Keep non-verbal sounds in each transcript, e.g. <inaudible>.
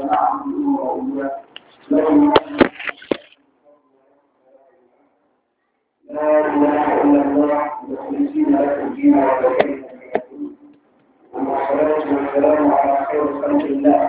ونعبده وإياه لا إله الله مخلصين له الدين والسلام على خير خلق الله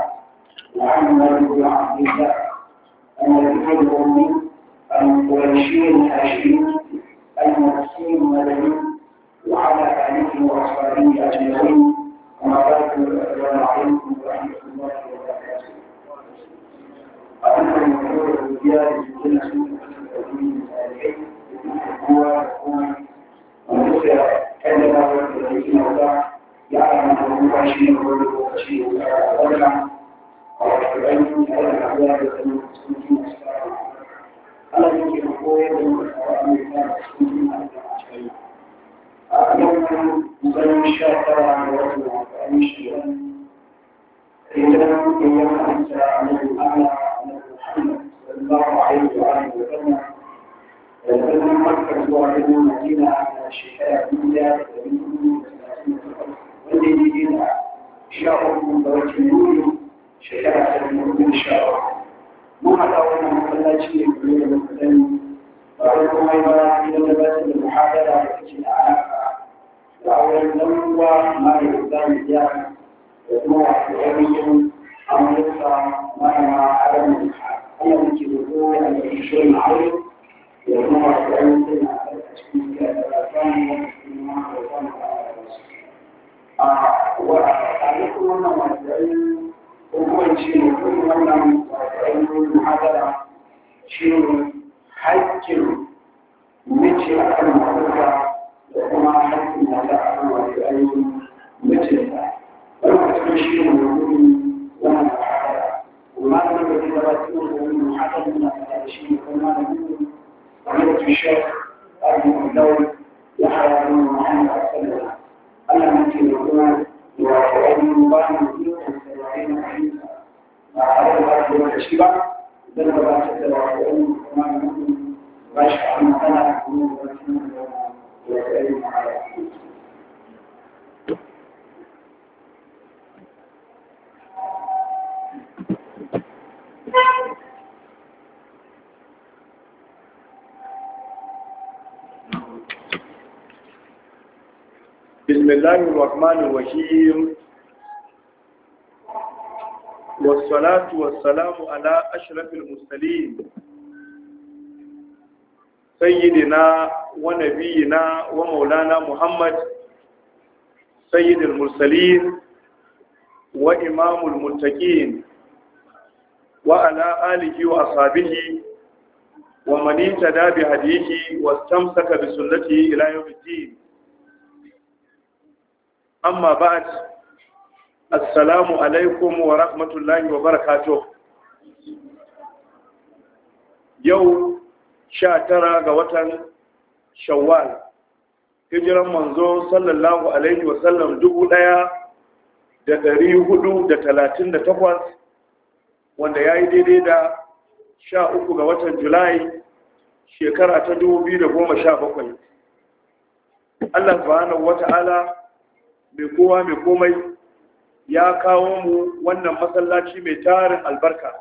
ya Thank you. بسم الله الرحمن الرحيم والصلاة والسلام على أشرف المرسلين سيدنا ونبينا ومولانا محمد سيد المرسلين وإمام المتقين وعلى آله وأصحابه ومن اهتدى بهديه واستمسك بسنته إلى يوم الدين amma ba assalamu alaikum wa rahmatullahi wa barakato. yau sha tara ga watan shawwal hijiran manzo sallallahu alaihi wa sallam dubu ɗaya da dari hudu da talatin da takwas wanda ya yi daidai da sha uku ga watan julai shekara ta dubu biyu da goma sha bakwai allah subhanahu wata'ala mai kowa mai komai ya kawo mu wannan masallaci mai tarin albarka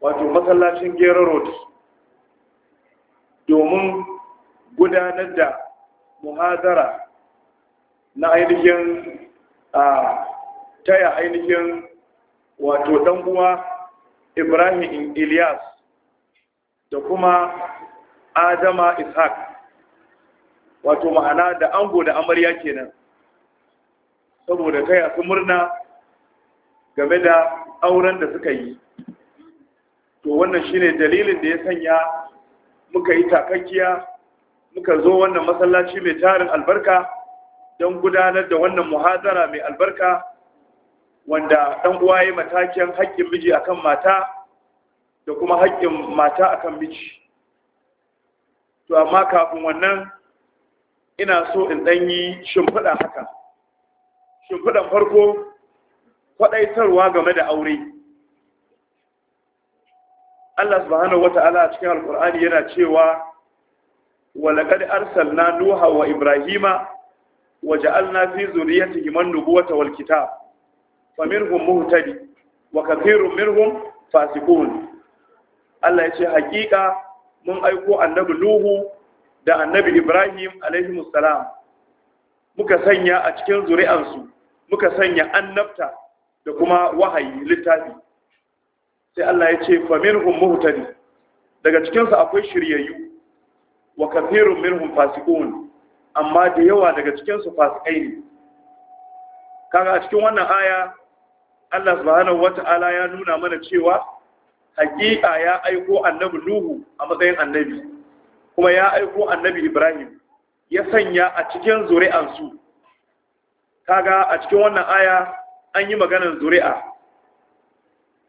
wato masallacin gera road domin gudanar da muhazara na ainihin a taya ainihin wato ibrahim ilyas da kuma adama ishaq wato ma'ana da ango da amarya kenan saboda a fi murna game da auren da suka yi to wannan shine dalilin da ya sanya muka yi takakkiya muka zo wannan masallaci mai tarin albarka don gudanar da wannan muhazara mai albarka wanda ɗan uwa ya matakin haƙƙin miji akan mata da kuma haƙƙin mata akan miji to amma kafin wannan ina so in ɗanyi shimfiɗa haka shimfiɗan farko kwaɗaitarwa game da aure Allah subhanahu wata'ala a cikin alkur'ani yana cewa arsal arsalna nuha wa ibrahima wa na fi zurriyyatihim an-nubuwata wal kitab faminhum muhtadi wa kathirun minhum fasikun. Allah ya ce hakika mun aiko annabi Nuhu da annabi Ibrahim alaihimus salam muka sanya a cikin zuri'ansu muka sanya annabta da kuma wahayi littafi sai Allah ya ce faminhum muhtadi daga cikin su akwai shiryayyu wa kathirun minhum fasiqun amma da yawa daga cikin su fasikai ne kaga a cikin wannan aya Allah subhanahu wata'ala ya nuna mana cewa hakika ya aiko annabi Nuhu a matsayin annabi kuma ya aiko annabi Ibrahim ya sanya a cikin zuri'ansu kaga a cikin wannan aya an yi maganar zuri'a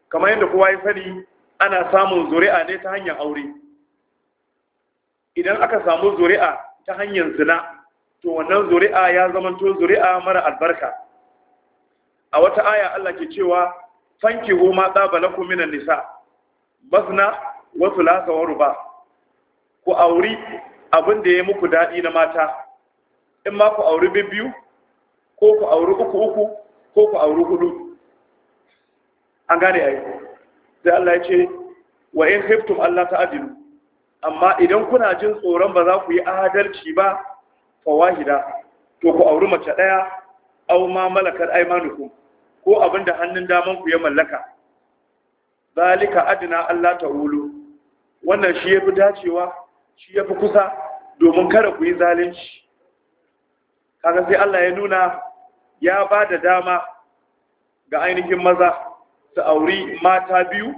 kamar yadda kowa ya sani ana samun zuri'a ne ta hanyar aure idan aka samu zuri'a ta hanyar zina to wannan zuri'a ya zamanto zuri'a mara albarka a wata aya Allah ke cewa fankihu ma tsaba ku minan nisa basna wa thulatha wa ruba ku auri abin da ya muku dadi na mata in ma ku auri biyu-biyu? ko ku auri uku uku ko ku auri hudu an gane ayi sai Allah ya ce wa in khiftum Allah ta'dilu amma idan kuna jin tsoron ba za ku yi adalci ba wahida to ku auri mace daya aw ma malakar aymanukum ko abinda hannun daman ku ya mallaka zalika adna Allah ta'ulu wannan shi yafi dacewa shi yafi kusa domin kada ku yi zalunci kaga sai Allah ya nuna ya ba da dama ga ainihin maza su auri mata biyu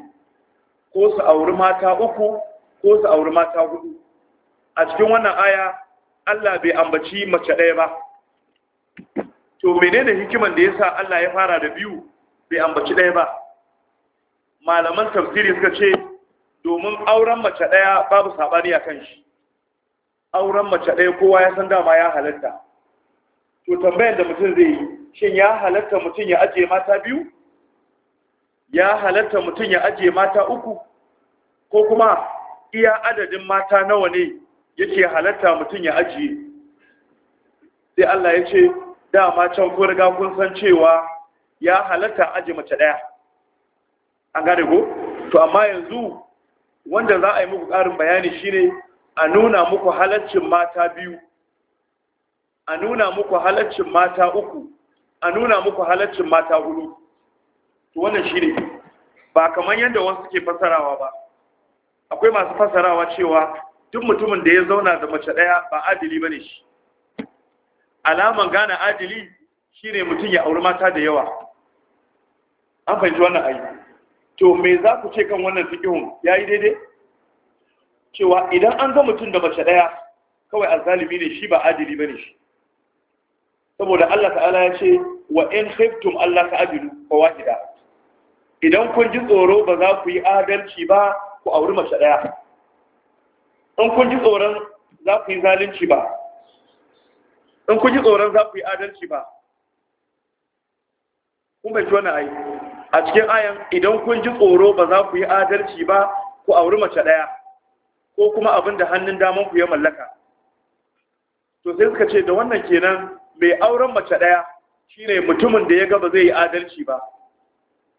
ko su auri mata uku ko su auri mata hudu a cikin wannan aya Allah bai ambaci mace ɗaya ba to menene hikiman da yasa Allah ya fara da biyu bai ambaci ɗaya ba malaman tafsiri suka ce domin auren mace ɗaya babu sabani a kan shi auren mace ɗaya kowa ya san dama ya halatta to tambayar da mutum zai yi shin ya halatta mutum ya ajiye mata biyu ya halatta mutum ya ajiye mata uku ko kuma iya adadin mata nawa ne yake halatta mutum ya ajiye sai Allah ya ce dama can ko riga kun san cewa ya halatta ajiye mace ɗaya an gane ko to amma yanzu wanda za a yi muku ƙarin bayani shine a nuna muku halaccin mata biyu a nuna muku halaccin mata uku a nuna muku halaccin mata hudu to wannan shine ba kamar yadda wasu suke fasarawa ba akwai masu fasarawa cewa duk mutumin da ya zauna da mace daya ba adili bane shi alaman gane adili shine mutum ya auri mata da yawa an fahimci wannan ayi to me za ku ce kan wannan fikihun yayi daidai cewa idan an ga mutum da mace daya kawai azzalimi ne shi ba adili bane shi saboda Allah ta'ala ya ce wa in khiftum Allah ta'abidu fa wahida idan kun ji tsoro ba za ku yi adalci ba ku auri mace daya in kun ji tsoron za ku yi zalunci ba in kun ji tsoron za ku yi adalci ba kuma ji wannan ayi a cikin ayan idan kun ji tsoro ba za ku yi adalci ba ku auri mace daya ko kuma abin da hannun daman ku ya mallaka to sai suka ce da wannan kenan mai auren mace ɗaya shine mutumin da ya gaba zai yi adalci ba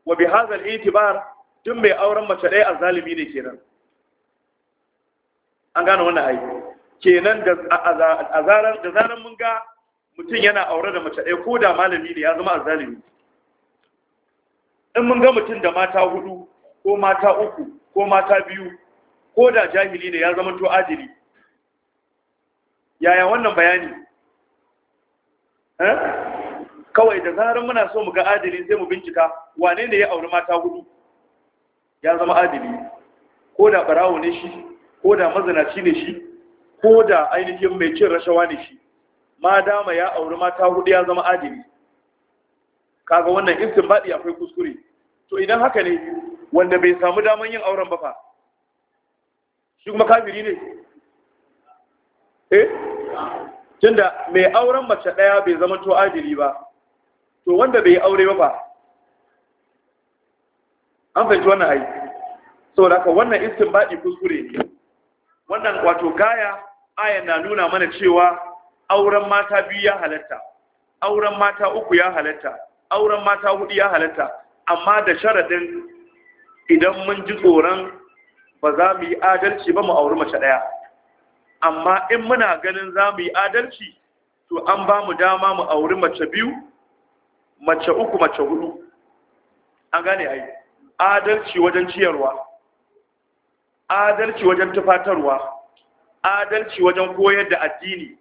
wa bi hazal itibar tun mai auren mace ɗaya azalimi ne kenan an gane wannan ai kenan da azaran da zaran mun ga mutum yana aure da mace ɗaya ko da malami ne ya zama azalimi in mun ga mutum da mata hudu ko mata uku ko mata biyu ko da jahili ne ya zama to adili yaya wannan bayani Eh? kawai da zarar muna so mu ga adili sai mu bincika wane ne ya auri mata hudu ya zama adili ko da barawo ne shi ko da mazanaci ne shi ko da ainihin mai cin rashawa ne shi ma dama ya auri mata hudu ya zama adili kaga wannan baɗi akwai kuskure to idan haka ne wanda bai samu daman yin auren ba fa shi kuma kafiri ne eh tunda mai auren mace ɗaya bai zama to adili ba to wanda bai aure ba an fahimci wannan aiki saboda ka wannan istinbadi kuskure ne wannan wato gaya ayan na nuna mana cewa auren mata biyu ya halatta auren mata uku ya halatta auren mata hudu ya halatta amma da sharadin idan mun ji tsoron ba za mu yi adalci ba mu auri mace ɗaya amma in muna ganin za mu yi adalci to an ba mu dama mu auri mace biyu mace uku mace hudu an gane ai adalci wajen ciyarwa adalci wajen tufatarwa adalci wajen koyar da addini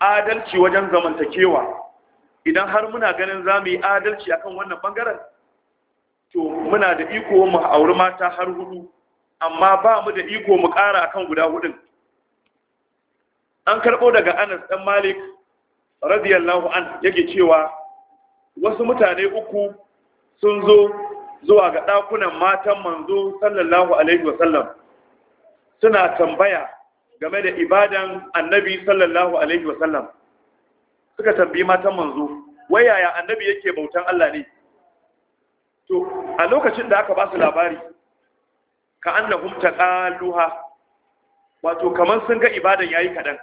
adalci wajen zamantakewa idan har muna ganin za mu yi adalci akan wannan bangaren to muna da iko mu auri mata har hudu amma ba mu da iko mu ƙara akan guda hudun an karɓo daga anas ɗan malik radiyallahu an yake cewa wasu mutane uku sun zo zuwa ga ɗakunan matan manzo sallallahu alaihi wasallam suna tambaya game da ibadan annabi sallallahu alaihi wasallam suka tambayi matan manzo wai yaya annabi yake bautan Allah ne to a lokacin da aka ba su labari ka annahum taqaluha wato kaman sun ga ibadan yayi kadan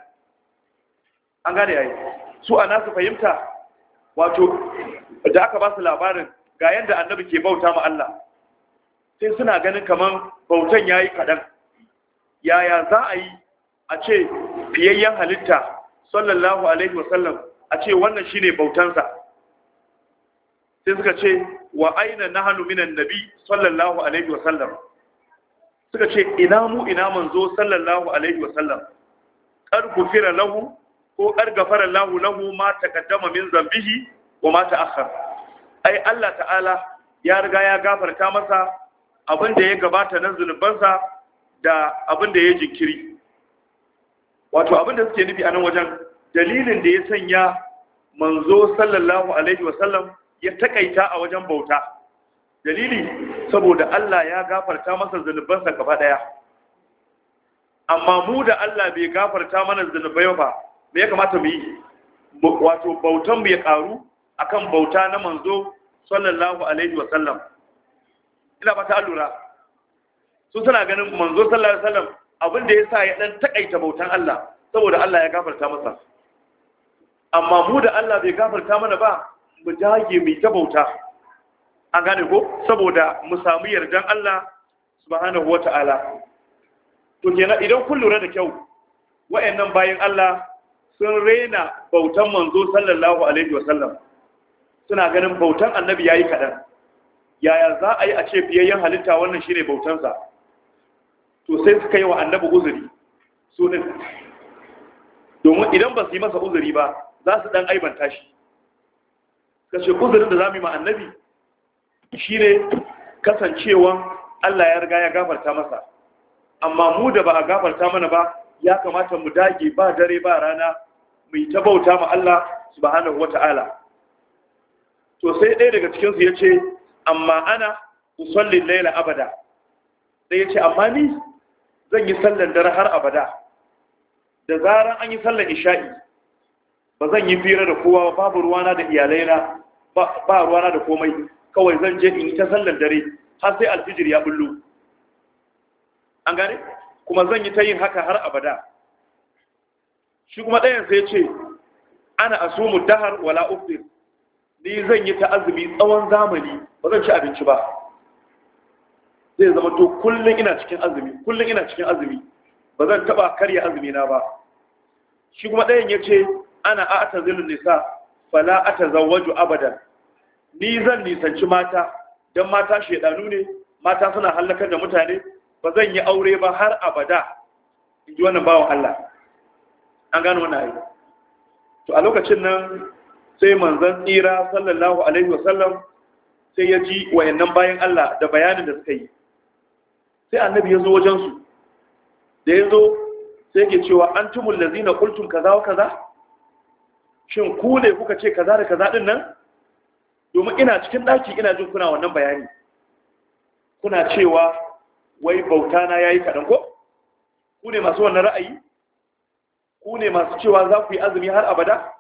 an gane yayi su a nasu fahimta wato da aka ba su labarin ga yadda annabi ke bauta ma Allah sai suna ganin kaman bautan yayi kaɗan yaya za a yi a ce fiyayyen halitta sallallahu alaihi wasallam a ce wannan shine bautansa sai suka ce wa aina nahnu minan nabi sallallahu alaihi wasallam suka ce ina mu ina manzo sallallahu alaihi wasallam kar gufira lahu ko kar gafara lahu lahu ma ta min zambihi ko ma ta'akhkhar ai Allah ta'ala ya riga ya gafarta masa abin da ya gabata na zunubansa da abin da ya jinkiri wato abin da suke nufi a nan wajen dalilin da ya sanya manzo sallallahu alaihi wa sallam ya takaita a wajen bauta dalili saboda Allah ya gafarta masa zunubansa gaba daya amma mu da Allah bai gafarta mana zunubai ba me ya kamata mu yi wato bautan mu ya karu akan bauta na manzo sallallahu alaihi wasallam ina ba ta allura sun suna ganin manzo sallallahu alaihi wasallam abin da ya sa ya dan takaita bautan Allah saboda Allah ya gafarta masa amma mu da Allah bai gafarta mana ba mu jage mu ta bauta an gane ko saboda mu samu yardan Allah subhanahu wata'ala to kenan idan kun lura da kyau wayannan bayin Allah sun raina bautan manzo sallallahu alaihi wasallam suna ganin bautan annabi yayi kadan yaya za a yi a ce biyayyen halitta wannan shine bautansa to sai suka yi wa annabi uzuri sunan domin idan ba su yi masa uzuri ba za su dan aibanta shi kashe uzurin da za mu yi ma annabi shine kasancewan Allah ya riga ya gafarta masa amma mu da ba a gafarta mana ba ya kamata mu dage ba dare ba rana mai ta bauta ma Allah subhanahu wata'ala to sai ɗaya daga cikin su yace amma ana usalli laila abada sai yace amma ni zan yi sallar dare har abada da zaran an yi sallar isha'i ba zan yi fira da kowa babu ruwana da iyalaina ba ruwana da komai kawai zan je in yi ta sallar dare har sai alfijir ya bullo an gane kuma zan yi ta yin haka har abada shi kuma ɗayan sai ce ana asumu dahar wala ofis. ni zan yi ta azumi tsawon zamani ba zan ci abinci ba zai zama to kullum ina cikin azumi kullum ina cikin azumi ba zan taba karya azumi na ba shi kuma ɗayan ya ce ana ta zilun nisa fala ata zawaju abadan ni zan nisanci mata don mata shaidanu ne mata suna hallakar da mutane ba zan yi aure ba har abada in ji wannan bawan Allah an gano wannan ayi to a lokacin nan sai manzon tsira sallallahu alaihi wasallam sai ya ji wayannan bayan Allah da bayanin da suka yi sai annabi ya zo wajen su da ya zo sai yake cewa antumul lazina qultum kaza wa kaza shin ku ne kuka ce kaza da kaza din nan domin ina cikin daki ina jin kuna wannan bayani kuna cewa wai bauta na yayi kadan ko ku ne masu wannan ra'ayi ku ne masu cewa za ku yi azumi har abada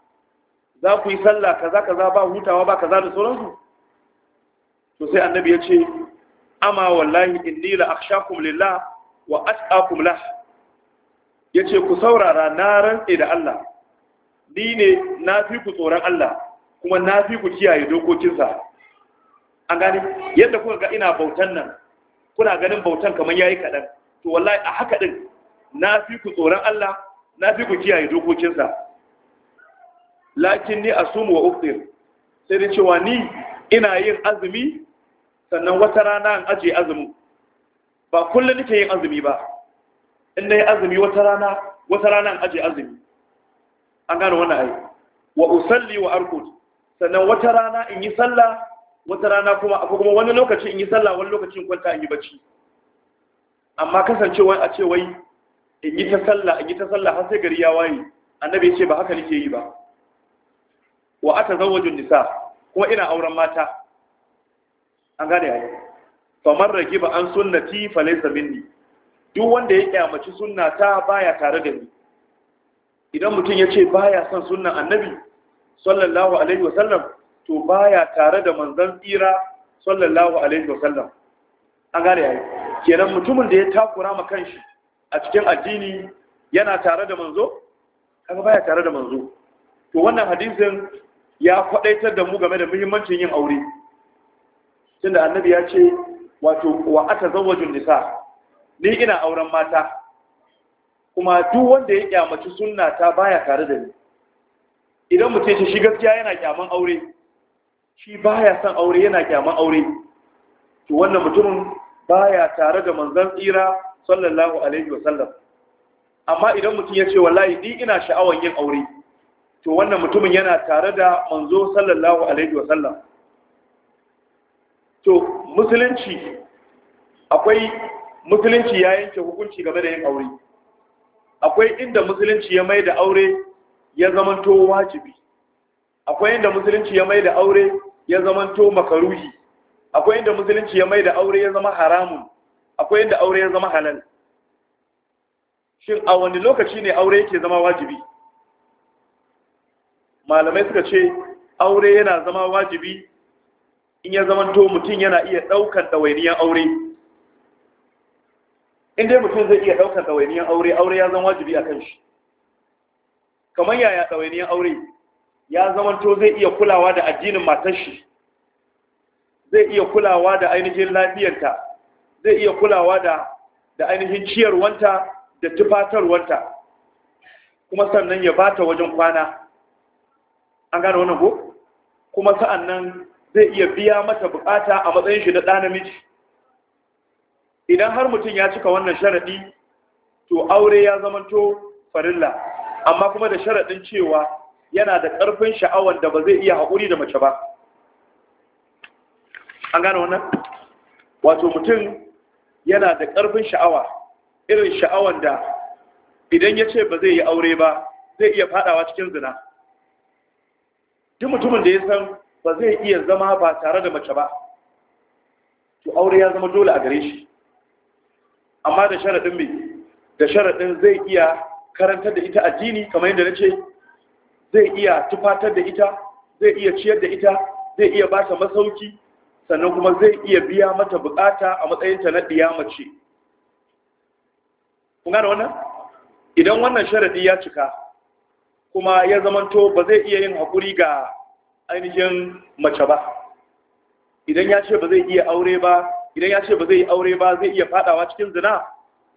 za ku yi sallah kaza kaza ba hutawa ba kaza da sauransu to sai annabi ya ce amma wallahi inni la akhshakum lillah wa atqakum lah yace ku saurara na rantse da Allah ni ne na fi ku tsoron Allah kuma na fi ku kiyaye dokokinsa an gane yadda kuka ga ina bautan nan kuna ganin bautan kamar yayi kadan to wallahi a haka din na fi ku tsoron Allah na fi ku kiyaye dokokinsa lakin ni asumu wa uftir sai da cewa ni ina yin azumi sannan wata rana an aje azumi ba kullum nake yin azumi ba in na yi azumi wata rana wata rana an aje azumi an gano wannan ai wa usalli wa Arkud. sannan wata rana in yi sallah wata rana kuma akwai kuma wani lokaci in yi sallah wani lokacin kwanta in yi bacci amma kasancewa a ce wai in yi ta sallah in yi ta sallah har sai gari ya waye annabi ya ce ba haka nake yi ba wa atazawwaju nisa kuma ina auren mata an gane yayi famar ragiba an sunnati laysa minni duk wanda ya kyamaci sunnata baya tare da ni idan mutum ya ce baya son sunnan annabi sallallahu alaihi wa sallam, to baya tare da manzon tsira sallallahu alaihi wa sallam. an gane yayi kenan mutumin da ya takura ma kanshi a cikin addini yana tare da manzo kaga baya tare da manzo to wannan hadisin ya faɗaitar da mu game da muhimmancin yin aure tunda annabi ya ce wato wa atazawwajun nisa ni ina auren mata kuma duk wanda ya kyamaci sunna ta baya tare da ni idan mu mutum shi gaskiya yana kyaman aure shi baya son aure yana kyaman aure to wannan mutumin baya tare da manzon tsira sallallahu alaihi wa sallam amma idan mutum ya ce wallahi ni ina sha'awar yin aure to wannan mutumin yana tare da manzo sallallahu alaihi wa sallam to musulunci akwai musulunci ya yanke hukunci game da yin aure akwai inda musulunci ya mai da aure ya zamanto wajibi akwai inda musulunci ya mai da aure ya zamanto makaruhi akwai inda musulunci ya mai da aure ya zama haramun akwai yadda aure ya zama halal shin a wani lokaci ne aure yake zama wajibi malamai suka ce aure yana zama wajibi in ya zama to mutum yana iya ɗaukar ɗawainiyar aure in dai mutum zai iya ɗaukar ɗawainiyar aure aure ya zama wajibi a kan shi kamar yaya ɗawainiyar aure ya zama to zai iya kulawa da addinin matar shi zai iya kulawa da ainihin lafiyarta zai iya kulawa da da ainihin wanta da tufatarwanta kuma sannan ya bata wajen kwana an gane wannan ko kuma sa'annan zai iya biya mata bukata a matsayin shi na ɗan namiji idan har mutum ya cika wannan sharaɗi to aure ya zamanto farilla amma kuma da sharaɗin cewa yana da ƙarfin sha'awar da ba zai iya haƙuri da mace ba an gane wannan wato mutum yana da ƙarfin sha'awa irin sha'awan da idan ya ce ba zai yi aure ba zai iya fadawa cikin zina duk mutumin da ya san ba zai iya zama ba tare da mace ba to aure ya zama dole a gare shi amma da sharaɗin mai da sharaɗin zai iya karantar da ita addini kamar yadda na ce zai iya tufatar da ita zai iya ciyar da ita zai iya ba ta masauki sannan kuma zai iya biya mata bukata a matsayinta na ɗiyamace kuna da wannan idan wannan sharadi ya cika kuma ya zamanto ba zai iya yin haƙuri ga ainihin mace ba idan ya ce ba zai iya aure ba idan ya ce ba zai aure ba zai iya faɗawa cikin zina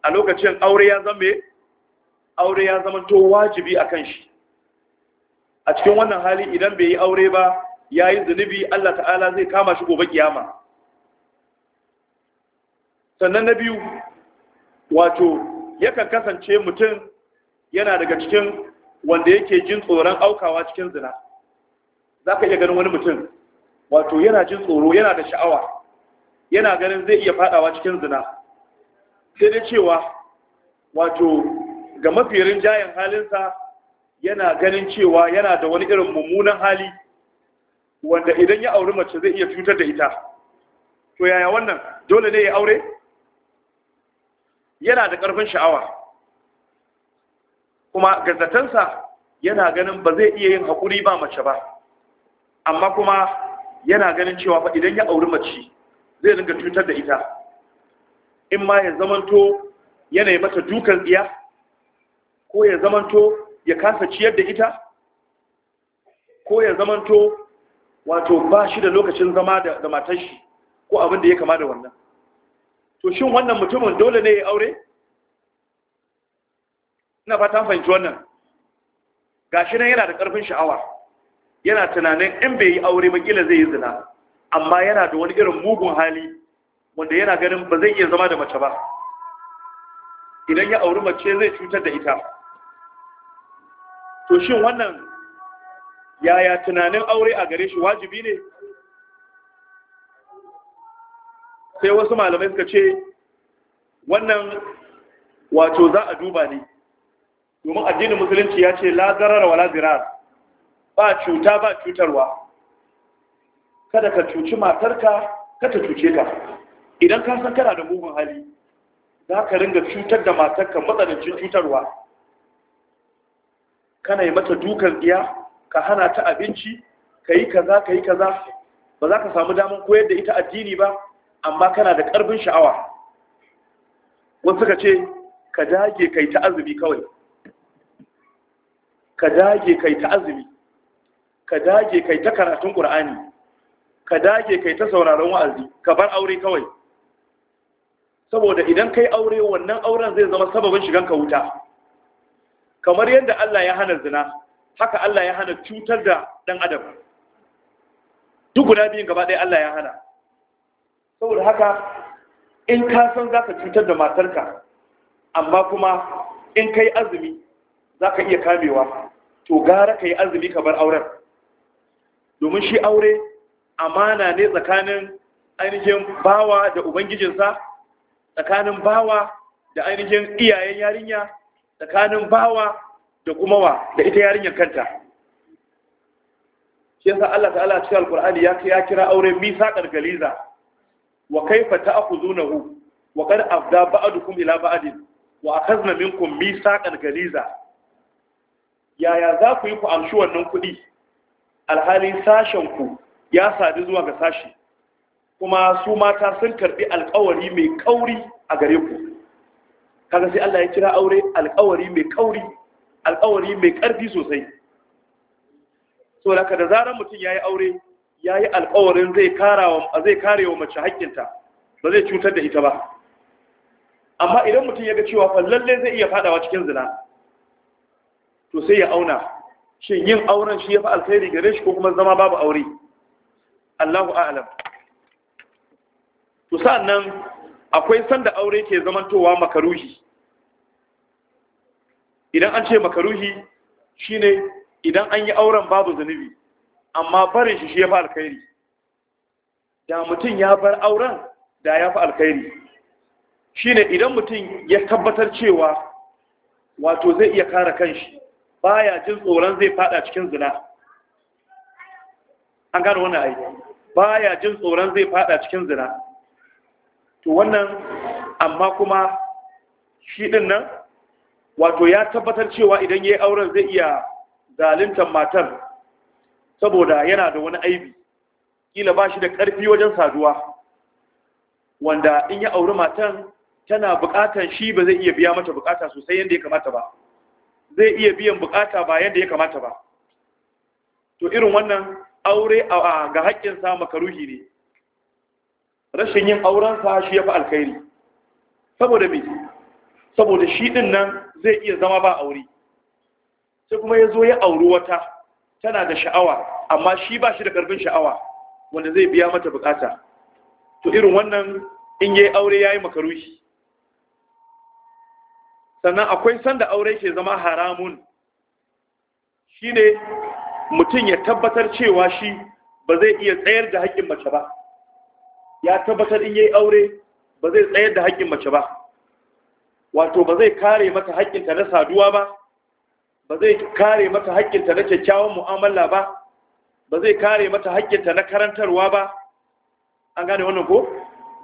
a lokacin aure ya zame aure ya zamanto wajibi a kan shi a cikin wannan hali idan bai yi aure ba ya yi zunubi Allah ta'ala zai kama shi gobe kiyama sannan na biyu wato yakan kasance mutum yana daga cikin wanda yake jin tsoron aukawa cikin zina za ka iya ganin wani mutum wato yana jin tsoro yana da sha'awa yana ganin zai iya fadawa cikin zina sai dai cewa wato ga mafirin jayin halinsa yana ganin cewa yana da wani irin mummunan hali wanda idan ya auri mace zai iya cutar da ita to yaya wannan dole ne ya aure yana da ƙarfin sha'awa kuma gazzatansa yana ganin ba zai iya yin haƙuri ba mace ba amma kuma yana ganin cewa fa idan ya auri mace zai dinga cutar da ita in ma ya zamanto yanayi mata dukan tsiya ko ya zamanto ya kasa ciyar da ita ko ya zamanto wato ba shi da lokacin zama da matar shi ko abin da ya kama da wannan to shin wannan mutumin dole ne ya aure ina fatan fahimci wannan gashi nan yana da karfin sha'awa yana tunanin in bai yi aure ba kila zai yi zina amma yana da wani irin mugun hali wanda yana ganin ba zai iya zama da mace ba idan ya auri mace zai cutar da ita to shin wannan yaya tunanin aure a gare shi wajibi ne sai wasu malamai suka ce wannan wato za a duba ne domin addinin musulunci ya ce la wa lazirar ba cuta ba cutarwa kada ka cuci matarka kada cuce ka idan ka san kana da mugun hali za ka ringa cutar da matarka matsanancin cutarwa kana yi mata dukan iya ka hana ta abinci ka yi kaza ka yi kaza ba za ka samu damar koyar da ita addini ba amma kana da ƙarfin sha'awa wasu ka ce ka dage kai ta azumi kawai ka dage kai ta azumi ka dage kai ta karatun ƙur'ani ka dage kai ta sauraron wa'azi ka bar aure kawai saboda idan kai aure wannan auren zai zama sababin shigan ka wuta kamar yadda Allah ya hana zina haka Allah ya hana cutar da ɗan adam duk guda biyun gaba ɗaya Allah ya hana saboda haka in ka san za ka cutar da matarka amma kuma in ka yi azumi za ka iya kamewa to gara ka yi azumi ka bar auren domin shi aure amana ne tsakanin ainihin bawa da ubangijinsa tsakanin bawa da ainihin iyayen yarinya tsakanin bawa da kuma wa da ita yarinyar kanta shi yasa Allah ta'ala a cikin alkur'ani ya ya kira aure misaqar galiza wa kaifa ta'khuzunahu wa qad afda ba'dukum ila ba'din wa akhadna minkum misaqan galiza yaya za ku yi ku amshi wannan kuɗi alhalin sashen ku ya sadu zuwa ga sashi kuma su mata sun karbi alkawari mai kauri a gare ku kaga sai Allah ya kira aure alkawari mai kauri alƙawari mai ƙarfi sosai so da da zarar mutum ya yi aure ya yi alƙawarin zai kare wa mace haƙƙinta ba zai cutar da ita ba amma idan mutum ya ga cewa fallalle zai iya faɗawa cikin zina to sai ya auna shin yin auren shi ya fi alkhairi gare shi ko kuma zama babu aure Allahu a'lam to nan akwai sanda aure ke zamantowa makaruhi idan an ce makaruhi shine idan an yi auren babu zunubi amma barin shi shi ya fi alkhairi da mutum ya bar auren da ya fi alkhairi shine idan mutum ya tabbatar cewa wato zai iya kare kanshi baya jin tsoron zai fada cikin zina an gano wannan aiki baya jin tsoron zai fada cikin zina to wannan amma kuma shi din nan wato ya tabbatar cewa idan ya yi auren zai iya zalintar matar saboda yana da wani aibi kila ba shi da ƙarfi wajen saduwa wanda in ya auri matan tana buƙatar shi ba zai iya biya mata buƙata sosai yadda ya kamata ba zai iya biyan buƙata ba yadda ya kamata ba to irin wannan aure a ga haƙƙinsa makaruhi ne rashin yin aurensa shi ya fi alkhairi saboda me saboda shi din nan zai iya zama ba aure sai kuma ya zo ya auri wata tana da sha'awa amma shi ba shi da karfin sha'awa wanda zai biya mata bukata to irin wannan in yayi aure yayi makaruhi sannan akwai sanda aure ke zama haramun shine mutum ya tabbatar cewa shi ba zai iya tsayar da haƙƙin mace ba ya tabbatar in yi aure ba zai tsayar da haƙƙin mace ba wato ba zai kare mata haƙƙinta na saduwa ba ba zai kare mata haƙƙinta na kyakkyawan mu'amala ba ba zai kare mata haƙƙinta na karantarwa ba an gane wannan ko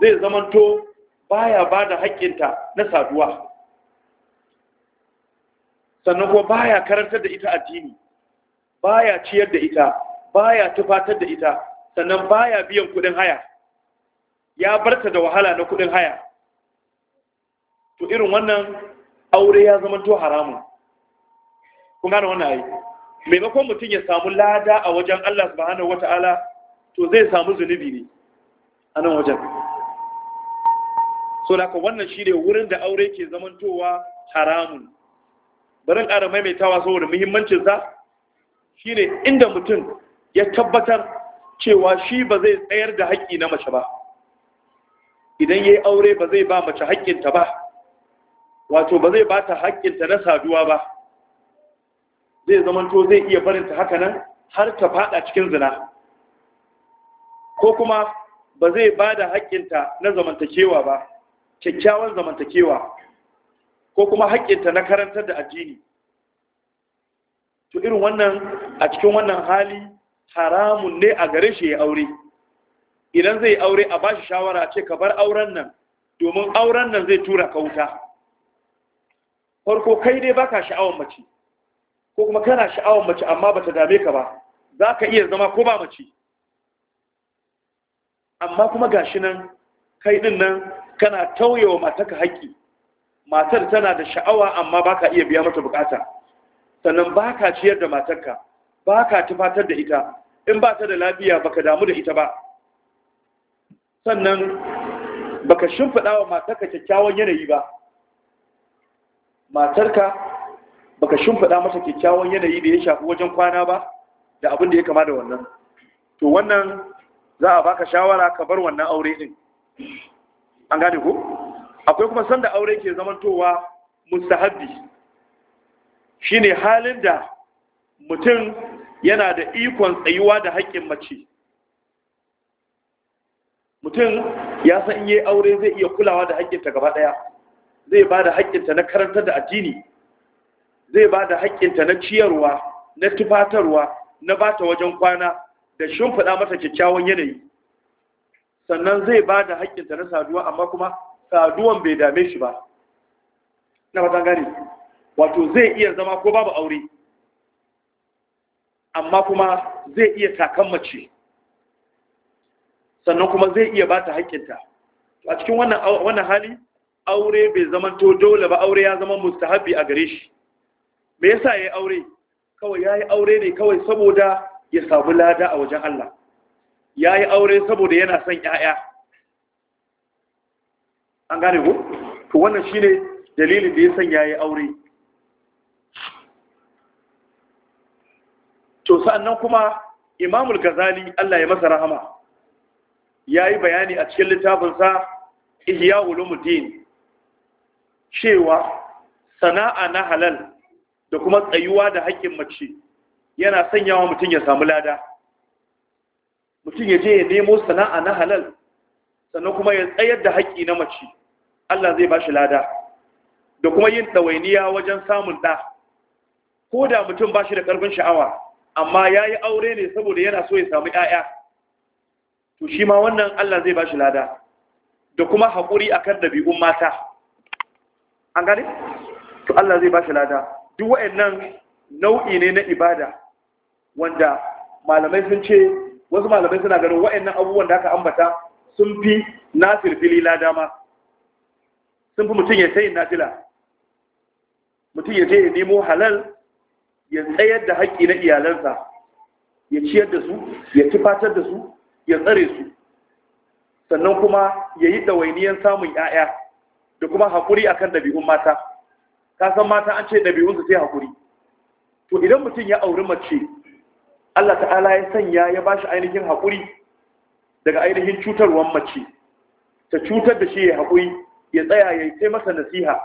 zai zamanto baya ba da haƙƙinta na saduwa sannan kuma baya karantar da ita addini baya ciyar da ita baya tufatar da ita sannan baya biyan kuɗin haya ya barta da wahala na kuɗin haya to irin wannan aure ya zama to haramun kun gane wannan ai maimakon mutum ya samu lada a wajen Allah subhanahu wata'ala to zai samu zunubi ne a nan wajen so da wannan shi ne wurin da aure ke zamantowa haramun barin ƙara maimaitawa saboda muhimmancinsa shi ne inda mutum ya tabbatar cewa shi ba zai tsayar da haƙƙi na mace ba idan ya yi aure ba zai ba mace haƙƙinta ba wato ba zai bata haƙƙinta na saduwa ba zai zamanto zai iya barinta haka nan har ta fada cikin zina ko kuma ba zai ba da haƙƙinta na zamantakewa ba kyakkyawan zamantakewa ko kuma haƙƙinta na karantar da addini to irin wannan a cikin wannan hali haramun ne a gare shi ya aure idan zai aure a bashi shawara ce ka bar auren nan domin auren nan zai tura ka wuta farko kai dai baka sha'awar mace ko kuma kana sha'awar mace amma bata dame ka ba za ka iya zama ko ba mace amma kuma gashi nan kai din nan kana tauyewa matarka haƙi matar tana da sha'awa amma baka iya biya mata bukata sannan baka ciyar da matarka baka tufatar da ita in ba ta da lafiya baka damu da ita ba sannan baka shimfiɗa wa matarka kyakkyawan yanayi ba matarka baka shimfiɗa masa kyakkyawan yanayi da ya shafi wajen kwana ba da abin da ya kama da wannan to wannan za a baka shawara ka bar wannan aure din an gane ku? akwai kuma sanda aure ke zamantowa mustahabbi shine halin da mutum yana da ikon tsayuwa da haƙƙin mace mutum ya san in yi aure zai iya kulawa da haƙƙinta gaba ɗaya zai ba da haƙƙinta na karanta da addini zai ba da haƙƙinta na ciyarwa na tufatarwa na ba ta wajen kwana da shimfiɗa mata kyakkyawan yanayi sannan zai ba da haƙƙinta na saduwa amma kuma saduwan bai dame shi ba na fatan gane wato zai iya zama ko babu aure amma kuma zai iya takan mace sannan kuma zai iya ba ta haƙƙinta a cikin wannan hali aure bai to dole ba aure ya zama mustahabi a gare shi me yasa yayi aure kawai yayi aure ne kawai saboda ya samu lada a wajen Allah yayi aure saboda yana son yaya an gane ko to wannan shine dalilin da ya sanya yayi aure to sannan kuma Imamul Ghazali Allah ya masa rahama yayi bayani a cikin littafinsa Ihya Ulumuddin cewa sana'a na halal da kuma tsayuwa da haƙƙin mace yana sanyawa mutum ya samu lada mutum ya je ya nemo sana'a na halal sannan kuma ya tsayar da haƙƙi na mace Allah zai ba shi lada da kuma yin ɗawainiya wajen samun ɗa ko da mutum ba shi da ƙarfin sha'awa amma ya yi aure ne saboda yana so ya samu ‘ya'ya to shi ma wannan Allah zai ba shi lada da kuma haƙuri akan ɗabi'un mata an gane to Allah zai bashi lada duk nan nau'i ne na ibada wanda malamai sun ce wasu malamai suna ganin nan abubuwan da aka ambata sun fi nasir fili lada ma sun fi mutum ya sayi nafila mutum ya je ya nemo halal ya tsayar da haƙƙi na iyalansa ya ciyar da su ya kifatar da su ya tsare su sannan kuma ya yi ɗawainiyar samun 'ya'ya da kuma haƙuri akan ɗabi'un mata ka san mata an ce ɗabi'unsu sai haƙuri to idan mutum ya auri mace Allah ta'ala ya sanya ya ba shi ainihin haƙuri daga ainihin cutarwar mace ta cutar da shi ya haƙuri ya tsaya ya yi masa nasiha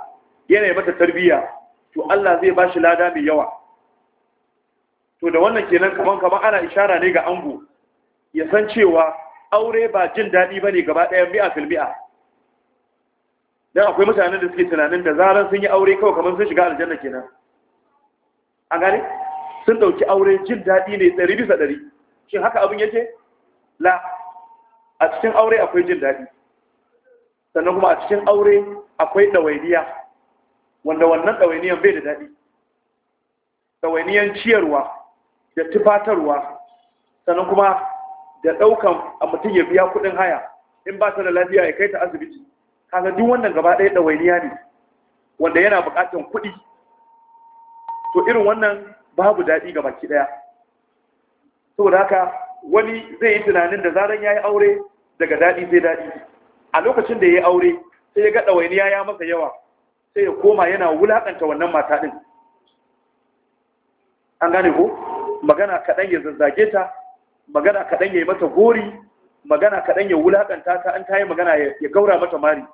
yana mata tarbiyya to Allah zai ba shi lada mai yawa to da wannan kenan kaman kaman ana ishara ne ga ango ya san cewa aure ba jin daɗi ba ne gaba ɗaya mi'a fil mi'a dan akwai mutanen da suke tunanin da zaran sun yi aure kawai kamar sun shiga aljanna kenan a gane sun dauki aure jin daɗi ne 100% bisa ɗari shin haka abin yake la a cikin aure akwai jin daɗi sannan kuma a cikin aure akwai ɗawainiya wanda wannan ɗawainiyan bai da daɗi ɗawainiyan ciyarwa da tufatarwa sannan kuma da ɗaukan a mutum ya biya kuɗin haya in ba ta da lafiya ya kai ta asibiti kaga duk wannan gaba ɗaya ɗawainiya ne wanda yana buƙatar kuɗi to irin wannan babu daɗi ga baki ɗaya saboda haka wani zai yi tunanin da zaran ya yi aure daga daɗi sai daɗi a lokacin da ya yi aure sai ya ga ɗawainiya ya masa yawa sai ya koma yana wulaƙanta wannan mata ɗin an gane ko magana kaɗan ya zazzage ta magana kaɗan ya yi mata gori magana kaɗan ya wulaƙanta ta an ta yi magana ya gaura mata mari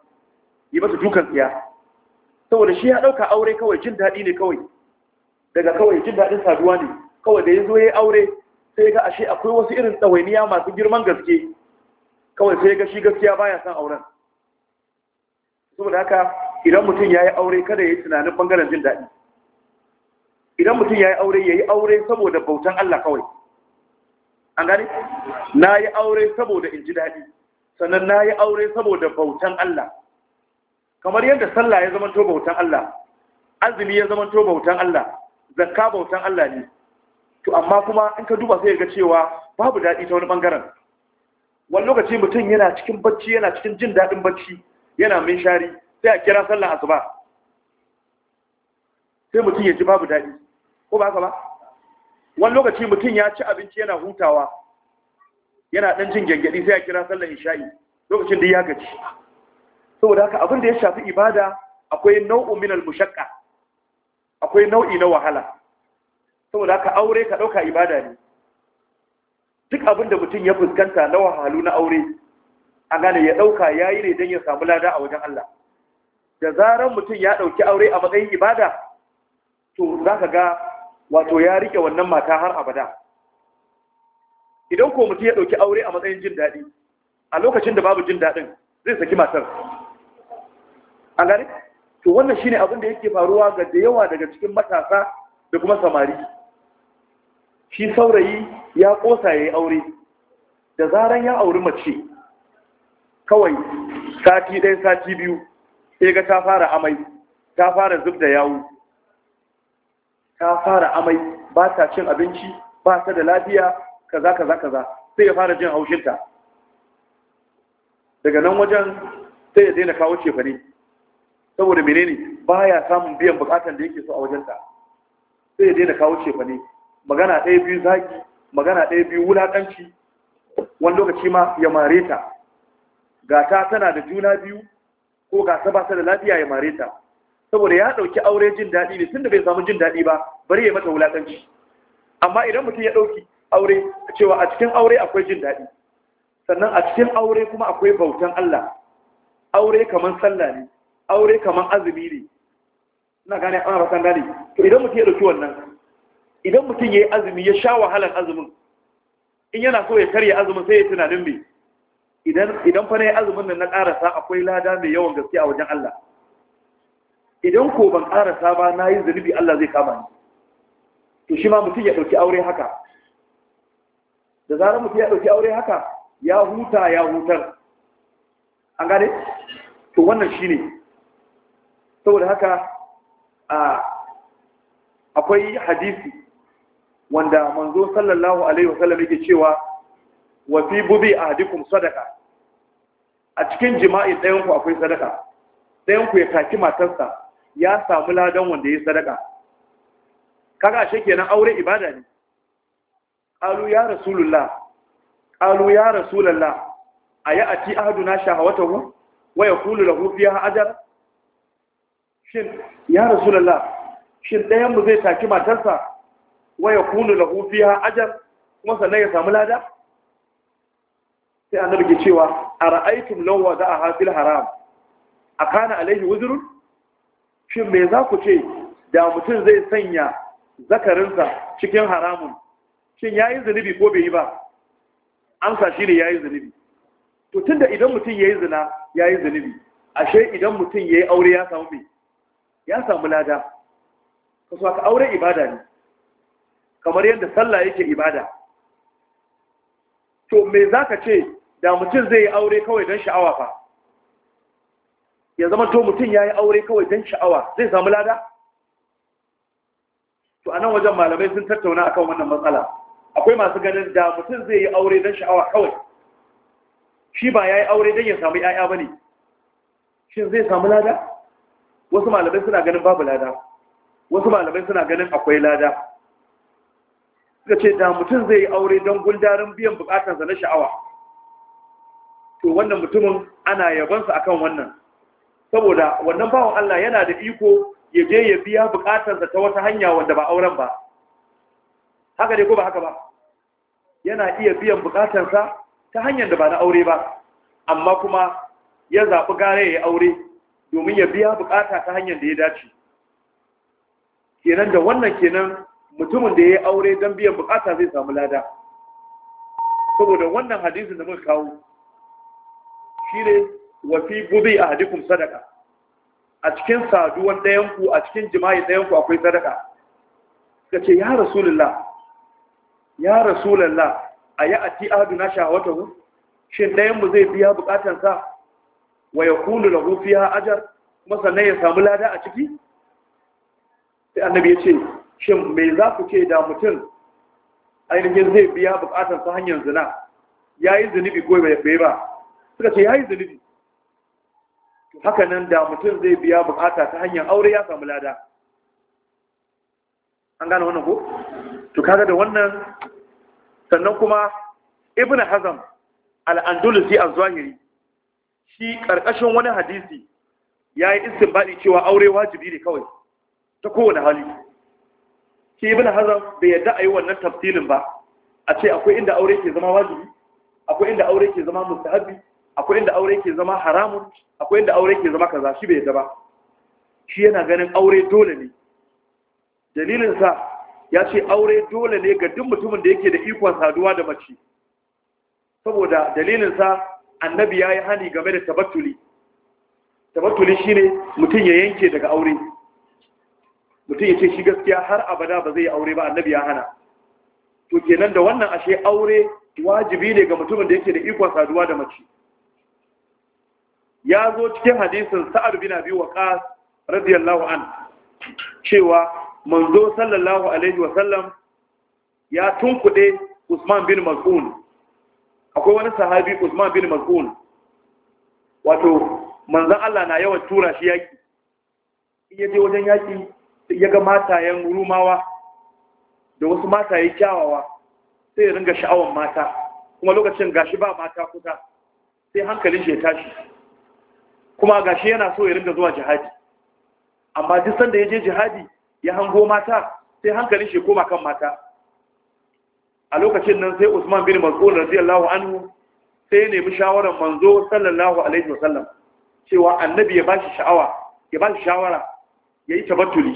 yi masa dukan tsiya saboda shi ya ɗauka aure kawai jin daɗi ne kawai daga kawai jin daɗin saduwa ne kawai da ya zo ya aure sai ga ashe akwai wasu irin tsawainiya masu girman gaske kawai sai ga shi gaskiya baya son auren saboda haka idan mutum ya yi aure kada ya yi tunanin bangaren jin daɗi idan mutum ya yi aure ya yi aure saboda bautan Allah kawai an gani na yi aure saboda in ji daɗi sannan na yi aure saboda bautan Allah kamar yadda sallah ya zama bautan Allah azumi ya zama bautan Allah zakka bautan Allah ne to amma kuma in ka duba sai ga cewa babu daɗi ta wani bangaren wani lokaci mutum yana cikin bacci yana cikin jin daɗin bacci yana min shari sai a kira sallah asuba sai mutum ya ji babu daɗi ko ba ka ba wani lokaci mutum ya ci abinci yana hutawa yana ɗan jin gengedi sai a kira sallah isha'i lokacin da ya gaji saboda haka abin da ya shafi ibada akwai nau'un minal mushaqqa akwai nau'i na wahala saboda haka aure ka dauka ibada ne duk abin da mutum ya fuskanta na wahalu na aure a gane ya dauka yayi ne dan ya samu lada a wajen Allah da zaran mutum ya dauki aure a matsayin ibada to zaka ga wato ya rike wannan mata har abada idan ko mutum ya dauki aure a matsayin jin dadi a lokacin da babu jin dadin zai saki matar a gane to wannan shine abin da yake faruwa ga da yawa daga cikin matasa da kuma samari shi saurayi ya kosa ya yi aure da zaran ya auri mace kawai sati ɗaya sati biyu sai ga ta fara amai ta fara zub da yawo ta fara amai ba ta cin abinci ba ta da lafiya kaza kaza kaza sai ya fara jin haushinta daga nan wajen sai ya daina kawo cefane saboda menene baya samun biyan bukatan da yake so a wajenta sai ya daina kawo cefa ne magana ɗaya biyu zaki magana ɗaya biyu wulaƙanci wani lokaci ma ya mare ta gata tana da juna biyu ko gata ba ta da lafiya ya mare ta saboda ya ɗauki aure jin daɗi ne tunda bai samu jin daɗi ba bari ya mata wulaƙanci amma idan mutum ya ɗauki aure cewa a cikin aure akwai jin daɗi sannan a cikin aure kuma akwai bautan Allah aure kamar sallah ne aure kamar azumi ne ina gane ana bakan gane to idan mutum ya dauki wannan idan mutum ya yi azumi ya sha wahalar azumin in yana so ya karya azumin sai ya tunanin me idan idan fa ne azumin nan na karasa akwai lada mai yawan gaske a wajen Allah idan ko ban karasa ba na yi zunubi Allah zai kama ni to shi ma mutum ya dauki aure haka da zarar mutum ya dauki aure haka ya huta ya hutar an gane to wannan shine saboda haka akwai hadisi wanda manzo sallallahu alaihi wasallam yake cewa wa fi bubi ahdikum sadaka a cikin jima'i ɗayan ku akwai sadaka ɗayan ku ya taki matarsa ya samu ladan wanda ya sadaka kaga ashe kenan aure ibada ne qalu ya rasulullah qalu ya rasulullah ayati ahduna ahaduna shahawatahu wa yaqulu lahu fiha ajr shin ya rasulullah shin ɗayan mu zai taki matarsa waya kunu lahu fiha ajar? kuma sannan ya samu lada sai annabi ke cewa ara'aytum law a hafil haram akana alaihi wuzrun shin me za ku ce da mutum zai sanya zakarinsa cikin haramun shin yayi zunubi ko bai yi ba amsa shine yayi zunubi to tunda idan mutum yayi zina yayi zunubi ashe idan mutum yayi aure ya samu mai? ya samu lada kasu ka aure ibada ne kamar yadda sallah yake ibada to me za ka ce da mutum zai yi aure kawai don sha'awa fa ya zama to mutum ya yi aure kawai don sha'awa zai samu lada to a nan wajen malamai sun tattauna akan wannan matsala akwai masu ganin da mutum zai yi aure don sha'awa kawai shi ba ya yi aure don ya samu 'ya'ya ba ne shin zai samu lada wasu malamai suna ganin babu lada wasu malamai suna ganin akwai lada suka ce da mutum zai yi aure don guldarin biyan bukatarsa na sha'awa to wannan mutumin ana yabansa akan wannan saboda wannan bawan Allah yana da iko ya je ya biya bukatarsa ta wata hanya wanda ba auren ba haka dai ko ba haka ba yana iya biyan bukatarsa ta hanyar da ba na aure ba amma kuma ya zaɓi gare ya yi aure domin ya biya bukata ta hanyar da ya dace kenan da wannan kenan mutumin da ya yi aure don biyan bukata zai samu lada saboda wannan hadisin da muka kawo shi ne wafi buzi a hadikun sadaka a cikin saduwan ɗayanku a cikin jima'i ɗayanku akwai sadaka ka ce ya rasulullah ya rasulullah a yi a ti aduna shawatahu shin ɗayanmu zai biya bukatansa wa yakunu da fiha ajr kuma sannan ya samu lada a ciki sai annabi ya ce shin me za ku ce da mutum ainihin zai biya bukatar ta hanyar zina ya yi zunubi ko bai ba suka ce ya yi zunubi haka nan da mutum zai biya bukata ta hanyar aure ya samu lada an gane wannan ko to kaga da wannan sannan kuma ibn hazam al-andalusi az-zahiri shi ƙarƙashin wani hadisi ya yi baɗi cewa aure wajibi ne kawai ta kowane hali shi na hazan bai yadda a yi wannan tafsilin ba a ce akwai inda aure ke zama wajibi akwai inda aure ke zama mustahabi akwai inda aure ke zama haramun akwai inda aure ke zama kaza shi bai yadda ba shi yana ganin aure dole ne dalilin sa ya ce aure dole ne ga duk mutumin da yake da ikon saduwa da mace saboda dalilin sa annabi ya yi hani game da tabattuli tabattuli ne mutum ya yanke daga aure mutum ya ce shi gaskiya har abada ba zai yi aure ba annabi ya hana to kenan da wannan ashe aure wajibi ne ga mutumin da yake da ikon saduwa da mace ya zo cikin hadisin sa'ad bin abi waqas radiyallahu an cewa manzo sallallahu alaihi wa sallam ya tunkude Usman bin Mas'un akwai wani sahabi Usman bin mazun wato manzon Allah na yawan tura shi yaki in yaje wajen yaki ya ga matayen rumawa da wasu mataye kyawawa sai ya ringa sha'awan mata kuma lokacin gashi ba mata kusa sai hankalin shi ya tashi kuma gashi yana so ya ringa zuwa jihadi amma duk sanda ya je jihadi ya hango mata sai hankalin shi koma kan mata a lokacin nan sai Usman bin Mas'ud radiyallahu anhu sai ya nemi shawaran manzo sallallahu alaihi wasallam cewa annabi ya bashi sha'awa ya bashi shawara yayi tabattuli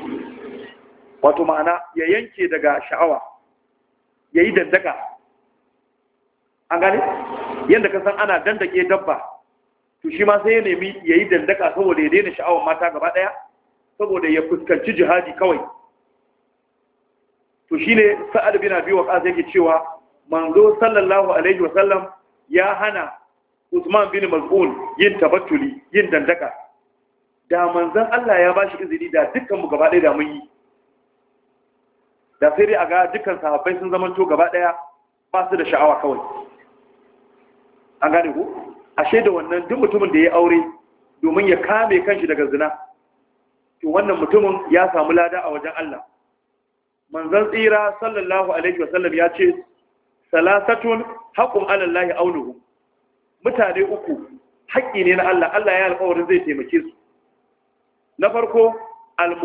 wato ma'ana ya yanke daga sha'awa yayi dandaka an gane yanda ka san ana dandake dabba to shi ma sai ya nemi yayi dandaka saboda ya daina sha'awar mata gaba daya saboda ya fuskanci jihadi kawai to shi ne sa'ad bin abi ƙasa yake cewa manzo sallallahu alaihi wasallam ya hana Usman bin Maz'un yin tabattuli yin dandaka da manzan Allah ya ba shi izini da dukkanmu gaba ɗaya da mun yi da sai dai a ga dukkan sahabbai sun to gaba ɗaya ba su da sha'awa kawai an gane ku ashe da wannan duk mutumin da ya aure domin ya kame kanshi daga zina to wannan mutumin ya samu lada a wajen Allah manzon tsira sallallahu alaihi wasallam ya ce salasatun haqqun ala aunuhu mutane uku haƙƙi ne na Allah Allah ya alƙawarin zai taimake su na farko al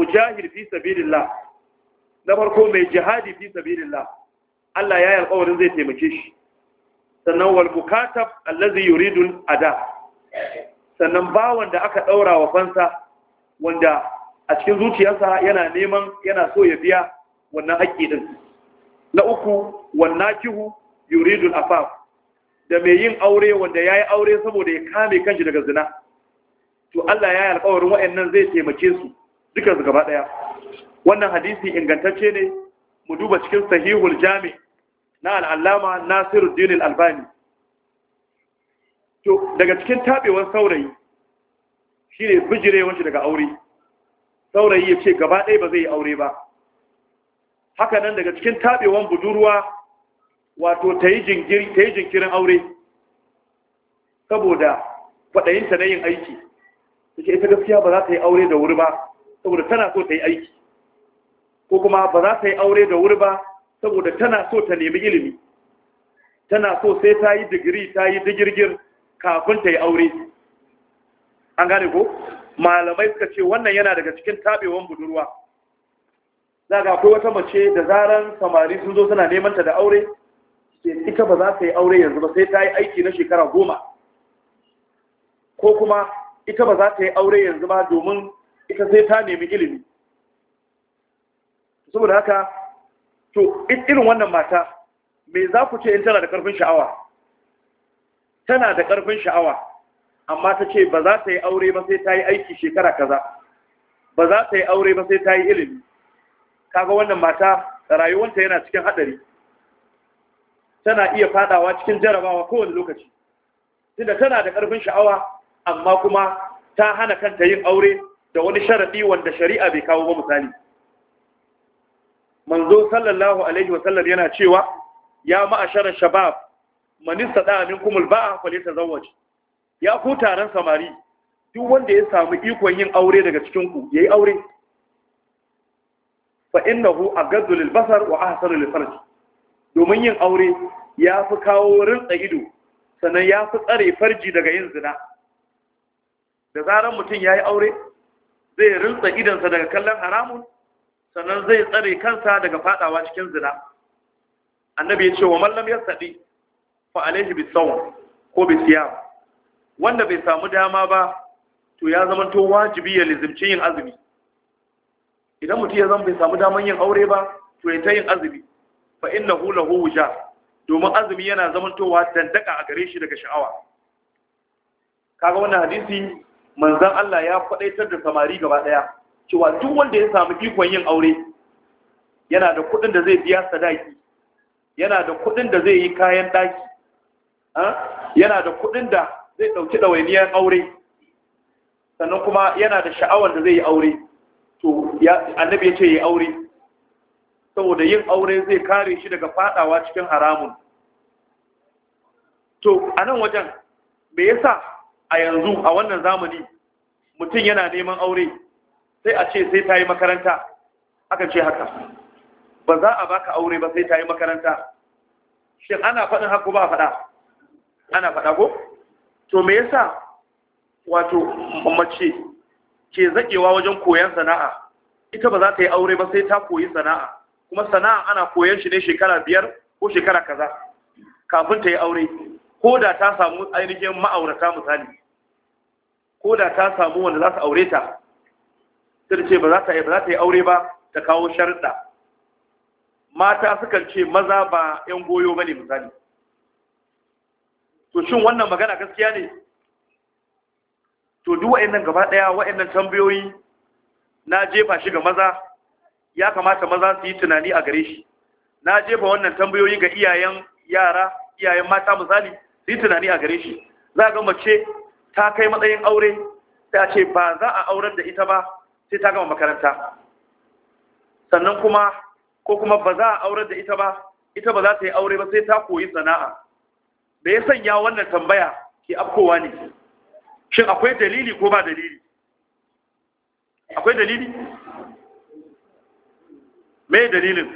fi sabilillah na farko mai jihadi fi sabilillah Allah ya yi alƙawarin zai taimake shi sannan wal bukatab allazi yuridu ada sannan bawan da aka daura wa fansa wanda a cikin zuciyarsa yana neman yana so ya biya wannan haƙƙi ɗin na uku wannan kihu yuridun afaf da mai yin aure wanda ya yi aure saboda ya kame kanshi daga zina to Allah ya yi alƙawarin waɗannan zai taimake su duka su gaba ɗaya wannan hadisi ingantacce ne mu duba cikin sahihul jami na al'allama dinil albani to daga cikin taɓewar saurayi shine bijirewar shi daga aure saurayi ya ce gaba ɗaya ba zai yi aure ba haka nan daga cikin taɓewan budurwa wato ta yi jinkirin aure saboda faɗayinta na yin aiki suke ita gaskiya ba za ta yi aure da wuri ba saboda tana so ta yi aiki ko kuma ba za ta yi aure da wuri ba saboda tana so ta nemi ilimi tana so sai ta yi digiri ta yi digirgir kafin ta yi aure an gane ko malamai suka ce wannan yana daga cikin taɓewan budurwa za ga akwai wata mace da zaran samari sun zo suna neman ta da aure ita ba za ta yi aure yanzu ba sai ta yi aiki na shekara goma ko kuma ita ba za ta yi aure yanzu ba domin ita sai ta nemi ilimi saboda haka to irin wannan mata me za ku ce in tana da karfin sha'awa tana da karfin sha'awa amma ta ce ba za ta yi aure ba sai ta yi aiki shekara kaza ba za ta yi aure ba sai ta yi ilimi kaga wannan mata rayuwarta yana cikin hadari tana iya fadawa cikin jarabawa kowane lokaci tunda tana da karfin sha'awa amma kuma ta hana kanta yin aure da wani sharadi wanda shari'a bai kawo ba misali manzo sallallahu alaihi wa sallam yana cewa ya ma'ashara shabab man istada minkum alba'a falyatazawwaj ya ku taron samari duk wanda ya samu ikon yin aure daga cikin ku yayi aure fa innahu agaddu lil basar wa ahsanu lil farj domin yin aure ya fi kawo rinsa ido sannan ya fi tsare farji daga yin zina da zaran mutum ya yi aure zai rinsa idansa daga kallon haramun sannan zai tsare kansa daga fadawa cikin zina annabi ya ce wa mallam ya saɗi fa alaihi bisawun ko bisiyam wanda bai samu dama ba to ya to wajibi ya lizimci yin azumi idan mutum ya zama bai samu daman yin aure ba to ya ta yin azumi fa hula lahu wuja domin azumi yana zamantowa dandaka a gare shi daga sha'awa kaga wannan hadisi manzon Allah ya faɗaitar da samari gaba ɗaya. cewa duk wanda ya samu ikon yin aure yana da kuɗin da zai biya sadaki yana da kuɗin da zai yi kayan ɗaki ah, yana da kuɗin da zai ɗauki ɗawainiyar aure sannan kuma yana da sha'awar da zai yi aure to annabi ya ce ya aure saboda yin aure zai kare shi daga fadawa cikin haramun to a nan wajen me yasa a yanzu a wannan zamani mutum yana neman aure sai a ce sai ta yi makaranta aka ce haka ba za a baka aure ba sai ta yi makaranta shin ana faɗin haku ba faɗa ana faɗa ko to me yasa wato mace ke zakewa wajen koyon sana'a ita ba za ta yi aure ba sai ta koyi sana'a kuma sana'a ana koyan shi ne shekara biyar ko shekara kaza kafin ta yi aure ko da ta samu ainihin ma'aurata misali ko da ta samu wanda za su aure ta sai ce ba za ta yi aure ba ta kawo sharɗa mata suka ce maza ba 'yan goyo ba ne misali to shin wannan magana gaskiya ne to duk wa'annan gaba daya wa'annan tambayoyi na jefa shi ga maza ya kamata maza su yi tunani a gare shi na jefa wannan tambayoyi ga iyayen yara iyayen mata misali su yi tunani a gare shi za ga mace ta kai matsayin aure sai a ce ba za a aurar da ita ba sai ta gama makaranta sannan kuma ko kuma ba za a aurar da ita ba ita ba za ta yi aure ba sai ta koyi sana'a da ya sanya wannan tambaya ke afkowa ne shin akwai dalili ko ba dalili akwai dalili me dalilin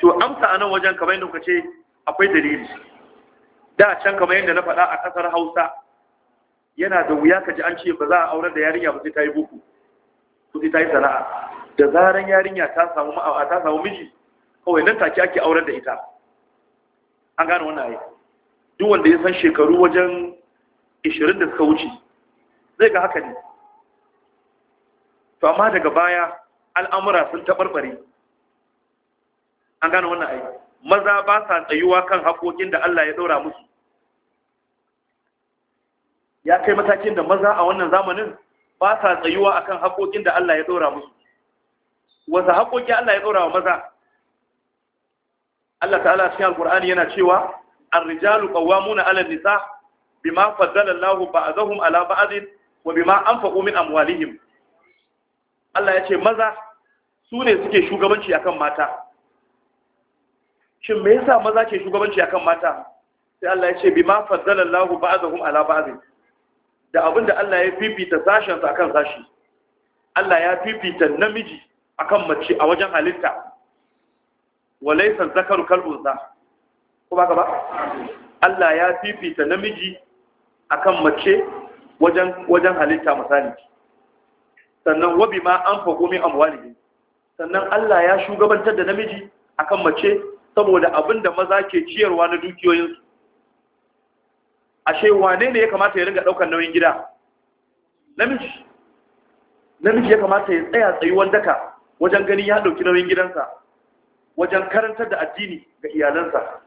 to amsa anan wajen kamar yadda kuka ce akwai dalili da can kamar yadda na faɗa a ƙasar Hausa yana da wuya ka ji an ce ba za a aurar da yarinya ba sai ta yi buku ko sai ta yi sana'a da zaran yarinya ta samu ma'a ta samu miji kawai nan take ake aurar da ita an gane wannan ayi duk wanda ya san shekaru wajen 20 da suka wuce zai ga haka ne to amma daga baya al'amura sun taɓarɓare an gane wannan ayi maza ba sa tsayuwa kan haƙoƙin da Allah ya ɗora musu ya kai matakin da maza a wannan zamanin ba sa tsayuwa akan haƙoƙin da Allah ya ɗora musu wasu haƙoƙi Allah ya ɗora wa maza Allah ta'ala cikin alkur'ani yana cewa ar-rijalu qawwamuna 'ala an-nisa bima faddala Allahu ba'dahum 'ala ba'din wa bima anfaqu min amwalihim Allah ya ce maza su ne suke shugabanci akan mata shin me yasa maza ke shugabanci akan mata sai Allah ya ce bima faddala Allahu ba'dahum 'ala ba'din da abinda Allah ya fifita sashen sa akan sashi Allah ya fifita namiji akan mace a wajen halitta walaisa zakaru kalbunsa ko ba ba Allah ya fifita namiji akan mace wajen halitta misali sannan wabi ma an fago min amwalihi sannan Allah ya shugabantar da namiji akan mace saboda abinda maza ke ciyarwa na dukiyoyinsu ashe wane ne ya kamata ya ringa daukar nauyin gida namiji namiji ya kamata ya tsaya tsayuwar daka wajen gani ya dauki nauyin gidansa wajen karantar da addini ga iyalansa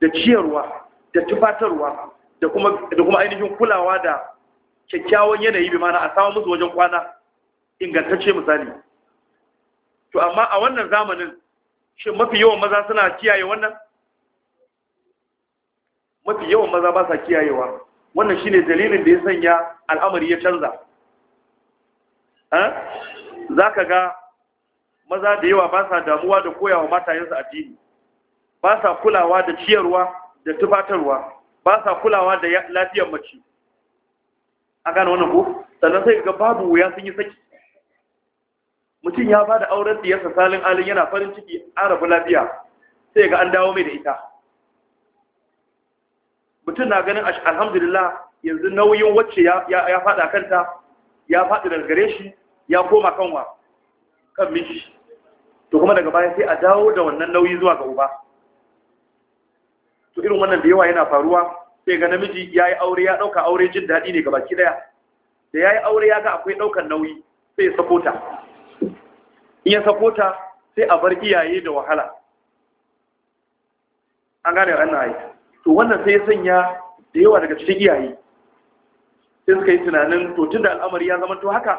da ciyarwa da tufatarwa da kuma ainihin kulawa da kyakkyawan yanayi bi mana a samu musu wajen kwana ingantacce misali to amma a wannan zamanin shi mafi yawan maza suna kiyaye wannan mafi yawan maza ba sa kiyayewa wannan shine dalilin da ya sanya al'amari ya canza za ka ga maza da yawa ba sa damuwa da koyawa matayensu addini ba sa kulawa da ciyarwa da tufatarwa ba sa kulawa da lafiyar mace a gane wannan ko sannan sai ga babu wuya sun yi saki mutum ya ba da auren yasa salin alin yana farin ciki rabu lafiya sai ga an dawo mai da ita mutum na ganin alhamdulillah yanzu nauyin wacce ya faɗa kanta ya faɗi daga gare shi ya koma kanwa kan miji to kuma daga baya sai a dawo da wannan nauyi zuwa ga uba to irin wannan da yawa yana faruwa sai ga namiji ya yi aure ya ɗauka aure jin daɗi ne gabaki ɗaya da ya yi aure ya ga akwai ɗaukan nauyi sai ya sakota in ya sakota sai a bar iyaye da wahala an gane wannan to wannan sai ya sanya da yawa daga cikin iyaye sai suka yi tunanin to tun da al'amari ya zama to haka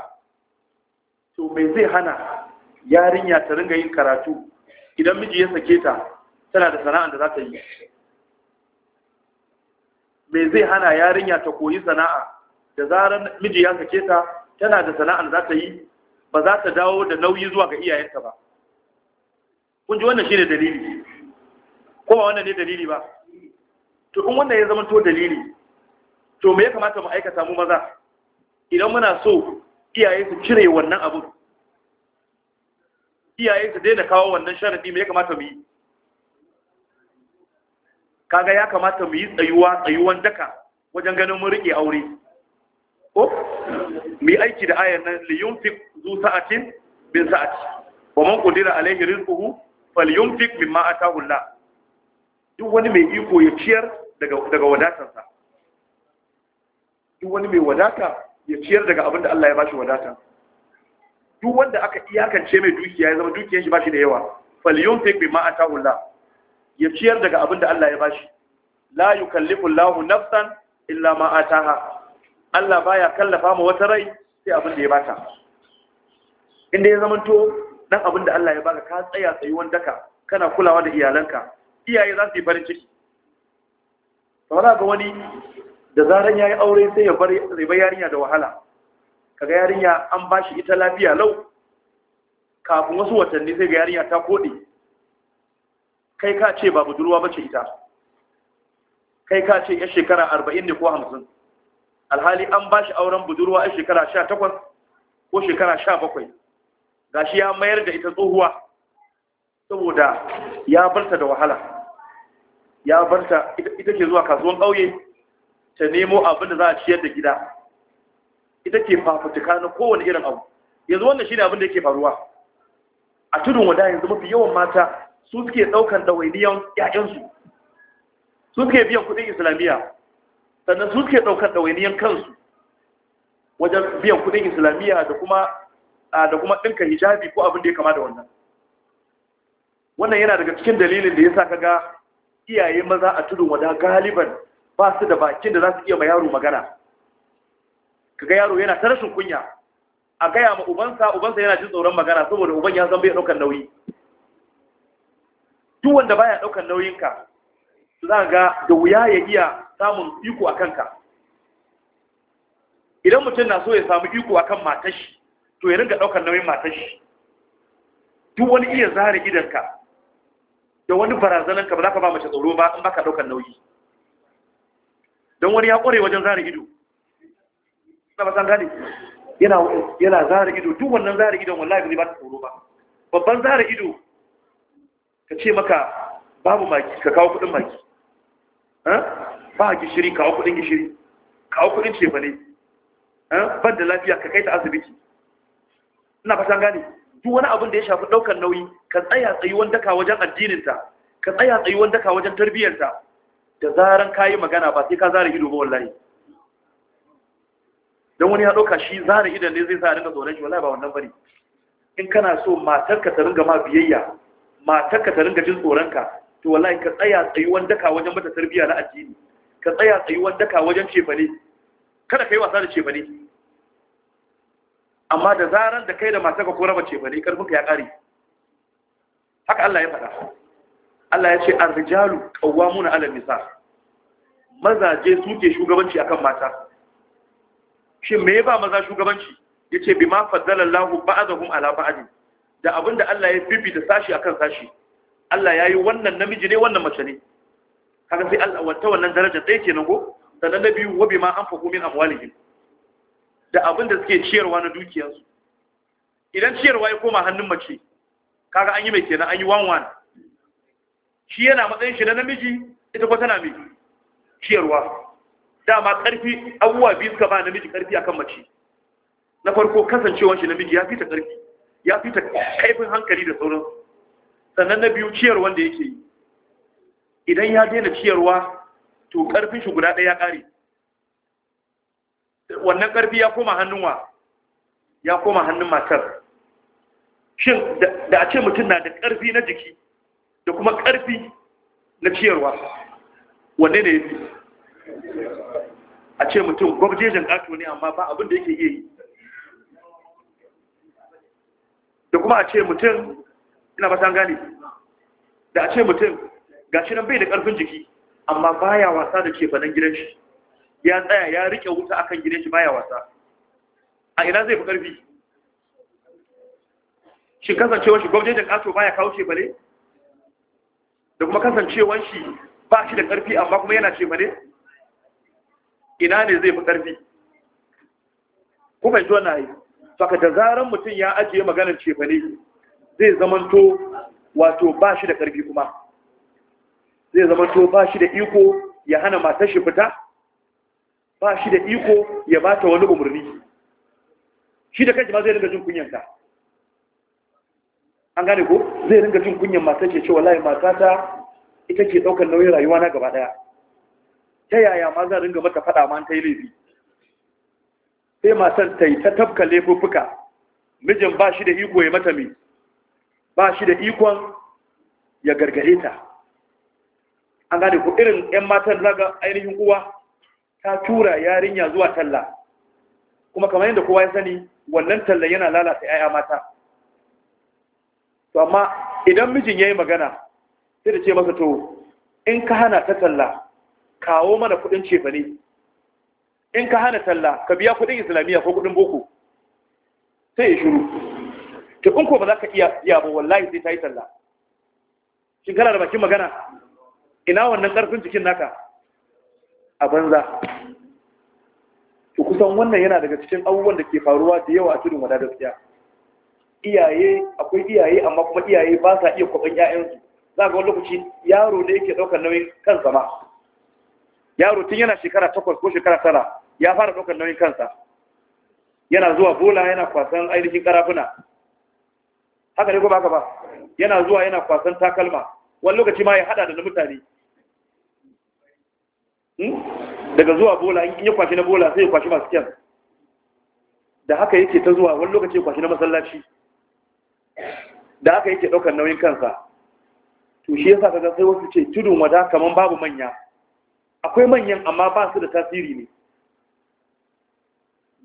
to mai zai hana yarinya ta ringa yin karatu idan miji ya sake ta tana da sana'ar da za ta yi me zai hana yarinya ta koyi sana'a da zarar miji ya sake ta tana da sana'ar za ta yi ba za ta dawo da nauyi zuwa ga iyayenta ba kun ji wannan shi ne dalili ko ba wannan ne dalili ba to in wannan ya zama to dalili to me ya kamata mu aikata mu maza idan muna so iyaye su cire wannan abin iyaye su daina kawo wannan sharadi mai ya kamata mu yi kaga ya kamata mu yi tsayuwa tsayuwan daka wajen ganin mun rike aure ko mu yi aiki da ayar nan li yunfiq zu sa'atin bin sa'ati wa man qadira alayhi rizquhu falyunfiq mimma ataahu Allah duk wani mai iko ya ciyar daga daga wadatarsa duk wani mai wadata ya ciyar daga abin da Allah ya bashi wadatarsa duk wanda aka iyakance mai dukiya ya zama dukiyar shi bashi da yawa ma bima atahullah ya ciyar daga abinda Allah ya bashi la yukallifu Allahu nafsan illa ma ataha Allah baya kallafa mu wata rai sai abinda da ya bata inda ya zamanto dan abinda Allah ya baka ka tsaya wanda ka kana kulawa da iyalanka iyaye za su yi farin ciki saboda ga wani da zaran yayi aure sai ya bar yarinya da wahala kaga yarinya an ba shi ita lafiya lau kafin wasu watanni sai ga yarinya ta kodi kai ka ce ba budurwa ba ce ita kai ka ce ya shekara arba'in ne ko hamsin alhali an ba shi auren budurwa a shekara sha takwas ko shekara sha bakwai ga shi ya mayar da ita tsohuwa saboda ya barta da wahala ya barta ita ke zuwa kasuwan ƙauye ta nemo abin da za a ciyar da gida ita ke fafutuka na kowane irin abu yanzu wannan shi ne abin da yake faruwa a tudun wada yanzu mafi yawan mata su suke daukan ɗawainiyan ‘ya'yansu su suke biyan kudin islamiyya sannan su suke daukan ɗawainiyan kansu wajen biyan kudin islamiyya da kuma da kuma ɗinka hijabi ko abin da ya kama da wannan wannan yana daga cikin dalilin da ya sa kaga iyaye maza a tudun wada galiban ba su da bakin da za su iya ma yaro magana kaga yaro yana ta rashin kunya a gaya ma ubansa ubansa yana jin tsoron magana saboda uban ya san bai daukar nauyi duk wanda baya daukar nauyin ka za ga da wuya ya iya samun iko a kanka idan mutum na so ya samu iko a kan matashi to ya ringa daukar nauyin matashi duk wani iya zare gidanka da wani ka ba za ka ba mace tsoro ba in baka daukar nauyi don wani ya kware wajen zare ido na ba yana yana zara ido duk wannan zara idon wallahi ba ta tsoro ba babban zara ido ka ce maka babu maki ka kawo kudin maki ba gishiri kawo kudin gishiri kawo kudin cefane ban da lafiya ka kai ta asibiti ina fatan gane duk wani abin da ya shafi daukar nauyi ka tsaya tsayuwan daka wajen addininta ka tsaya tsayuwan daka wajen tarbiyyarta da zaran kayi magana ba sai ka zara ido ba wallahi don wani ya ɗauka shi zane idan ne zai sa rinka zaune shi wallahi ba wannan bane in kana so matarka ta ringa ma biyayya matarka ta ringa jin tsoronka to wallahi ka tsaya tsayuwan daka wajen mata tarbiyya na addini ka tsaya tsayuwan daka wajen cefane kada ka yi wasa da cefane amma da zaran da kai da matarka ko raba cefane ka ya ƙare haka Allah ya faɗa Allah ya ce arrijalu rijalu qawwamuna 'ala nisa mazaje suke shugabanci akan mata shi me ba maza shugabanci yace bima fadalallahu Allahu ba'dahum ala ba'd da abinda Allah ya da sashi akan sashi Allah yayi wannan namiji ne wannan mace ne kaga sai Allah wata wannan daraja ɗaya kenan ko sannan na biyu wa bima anfaqu min amwalihim da abinda suke ciyarwa na dukiyarsu idan ciyarwa ya koma hannun mace kaga an yi mai kenan an yi wan wan shi yana matsayin shi na namiji ita kuma tana mai ciyarwa dama karfi abubuwa biyu suka ba namiji karfi akan mace na farko kasancewar shi namiji ya fita karfi ya fita kaifin hankali da sauran sannan na biyu ciyar wanda yake yi idan ya daina ciyarwa to karfin shi guda ɗaya ya ƙare wannan karfi ya koma hannun wa ya koma hannun matar shin da a ce mutum na da karfi na jiki da kuma karfi na ciyarwa wanne ne ya fi a ce mutum gwabjejen ƙato ne amma ba abin da yake yi da kuma a ce mutum ina ba san gane da a ce mutum ga shi nan bai da ƙarfin jiki amma baya wasa da kefanen gidan shi ya tsaya ya riƙe wuta akan gidan shi baya wasa a ina zai fi ƙarfi shi kasance shi gwabjejen ƙato baya kawo ce bale da kuma kasancewa shi ba shi da ƙarfi amma kuma yana ce bale ina ne zai fi ƙarfi kuma ji yi, aiki saka da zarar mutum ya ajiye maganar cefane zai zamanto wato ba shi da ƙarfi kuma zai zamanto ba shi da iko ya hana mata shi fita ba shi da iko ya ba ta wani umarni shi da kanki ma zai ringa jin kunyanta an gane ko zai ringa jin kunyan mata ce ce wallahi ta ita ke ɗaukar nauyin rayuwa na gaba ɗaya ta yaya ma zan ringa mata faɗa ma ta yi laifi sai matan ta yi ta tafka laifuffuka mijin ba shi da iko ya mata mai ba shi da ikon ya gargare ta an gane ku irin 'yan matan zaga ainihin uwa ta tura yarinya zuwa talla kuma kamar yadda kowa ya sani wannan talla yana lalata 'ya'ya mata to amma idan mijin ya yi magana sai da ce masa to in ka hana ta talla kawo mana kudin cefane in ka hana talla ka biya kudin islamiyya ko kudin boko sai ya shiru to in ko ba za ka iya biya ba wallahi sai ta yi talla shin kana da bakin magana ina wannan karfin jikin naka a banza to kusan wannan yana daga cikin abubuwan da ke faruwa da yawa a tudun wada gaskiya iyaye akwai iyaye amma kuma iyaye ba sa iya kwaban 'ya'yansu, za ga wani lokaci yaro ne yake ɗaukar nauyin kan ma yaro tun yana shekara takwas ko shekara tara ya fara ɗaukar nauyin kansa yana zuwa bola yana kwasan ainihin ƙarafuna. haka ne ko baka ba yana zuwa yana kwasan takalma wani lokaci ma ya hada da mutane hmm? daga zuwa bola in ya kwashi na bola sai ya kwashi masu kyan da haka yake ta zuwa wani lokaci ya kwashi na masallaci da haka yake ɗaukar nauyin kansa to shi yasa ga sai wasu ce tudun wada kaman babu manya akwai manyan amma ba su da tasiri ne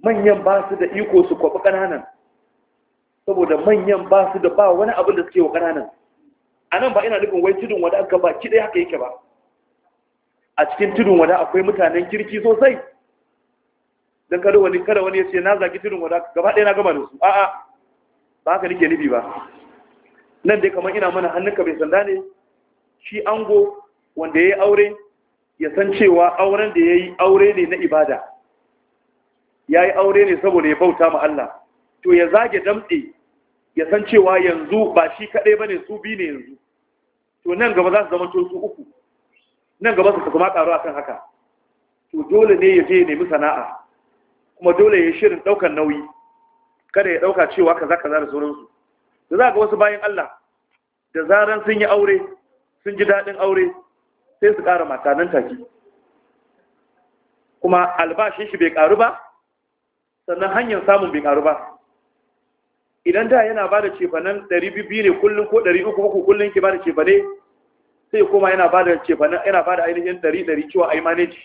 manyan ba su da iko su kwafi ƙananan saboda manyan ba su da ba wani abin da suke wa ƙananan a nan ba ina nufin wai tudun wada aka ba ki haka yake ba a cikin tudun wada akwai mutanen kirki sosai don kada wani kada wani ya ce na zaki tudun wada gaba ɗaya na gama da su a'a ba haka nake nufi ba nan dai kamar ina mana hannunka bai sanda ne shi ango wanda ya yi aure ya san cewa auren da ya yi aure ne na ibada ya yi aure ne saboda ya bauta ma Allah to ya zage damɗe ya san cewa yanzu ba shi kaɗai ba ne su bi ne yanzu to nan gaba za su zama to su uku nan gaba su kuma ƙaru a kan haka to dole ne ya je ya nemi sana'a kuma dole ya shirin ɗaukar nauyi kada ya ɗauka cewa kaza ka da sauransu da za ga wasu bayan Allah da zaran sun yi aure sun ji daɗin aure sai su ƙara mata nan take kuma albashin shi bai ƙaru ba sannan hanyar samun bai ƙaru ba idan da yana ba da cefanen 200 ne kullum ko 300 uku kullum ke ba da cefane sai kuma yana ba da cefanen yana ba da ainihin 100 cewa a yi maneji.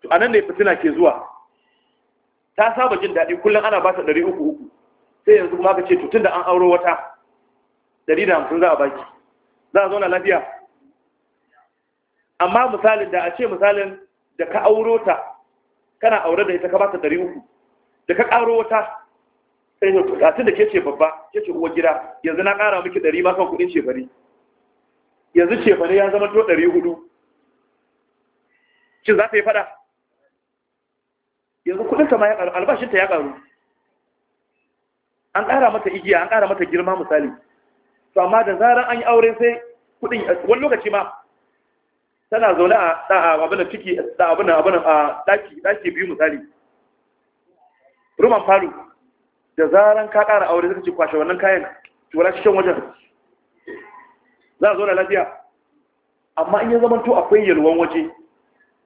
to nan ne fitina ke zuwa ta saba jin daɗi kullum ana ba ta 300 sai yanzu kuma ka ce to da an auro wata 150 za a baki za a zauna lafiya amma misalin da a ce misalin da ka auro ta kana aure da ita ka bata ɗari uku da ka ƙaro wata sai ne tun da ke ce babba ke ce uwa gida yanzu na ƙara miki ɗari ma kan kuɗin shefari yanzu shefari ya zama to ɗari hudu shin za ta yi faɗa yanzu kuɗinta ma ya ƙaru albashinta ya ƙaru an ƙara mata igiya an ƙara mata girma misali to amma da zarar an yi aure sai kudin wani lokaci ma tana zaune a da'a ciki da abin a daki daki biyu misali ruman falu da zaran ka ƙara aure zaka ce kwashe wannan kayan tura cikin wajen za a zo lafiya amma in ya zamanto akwai yalwan waje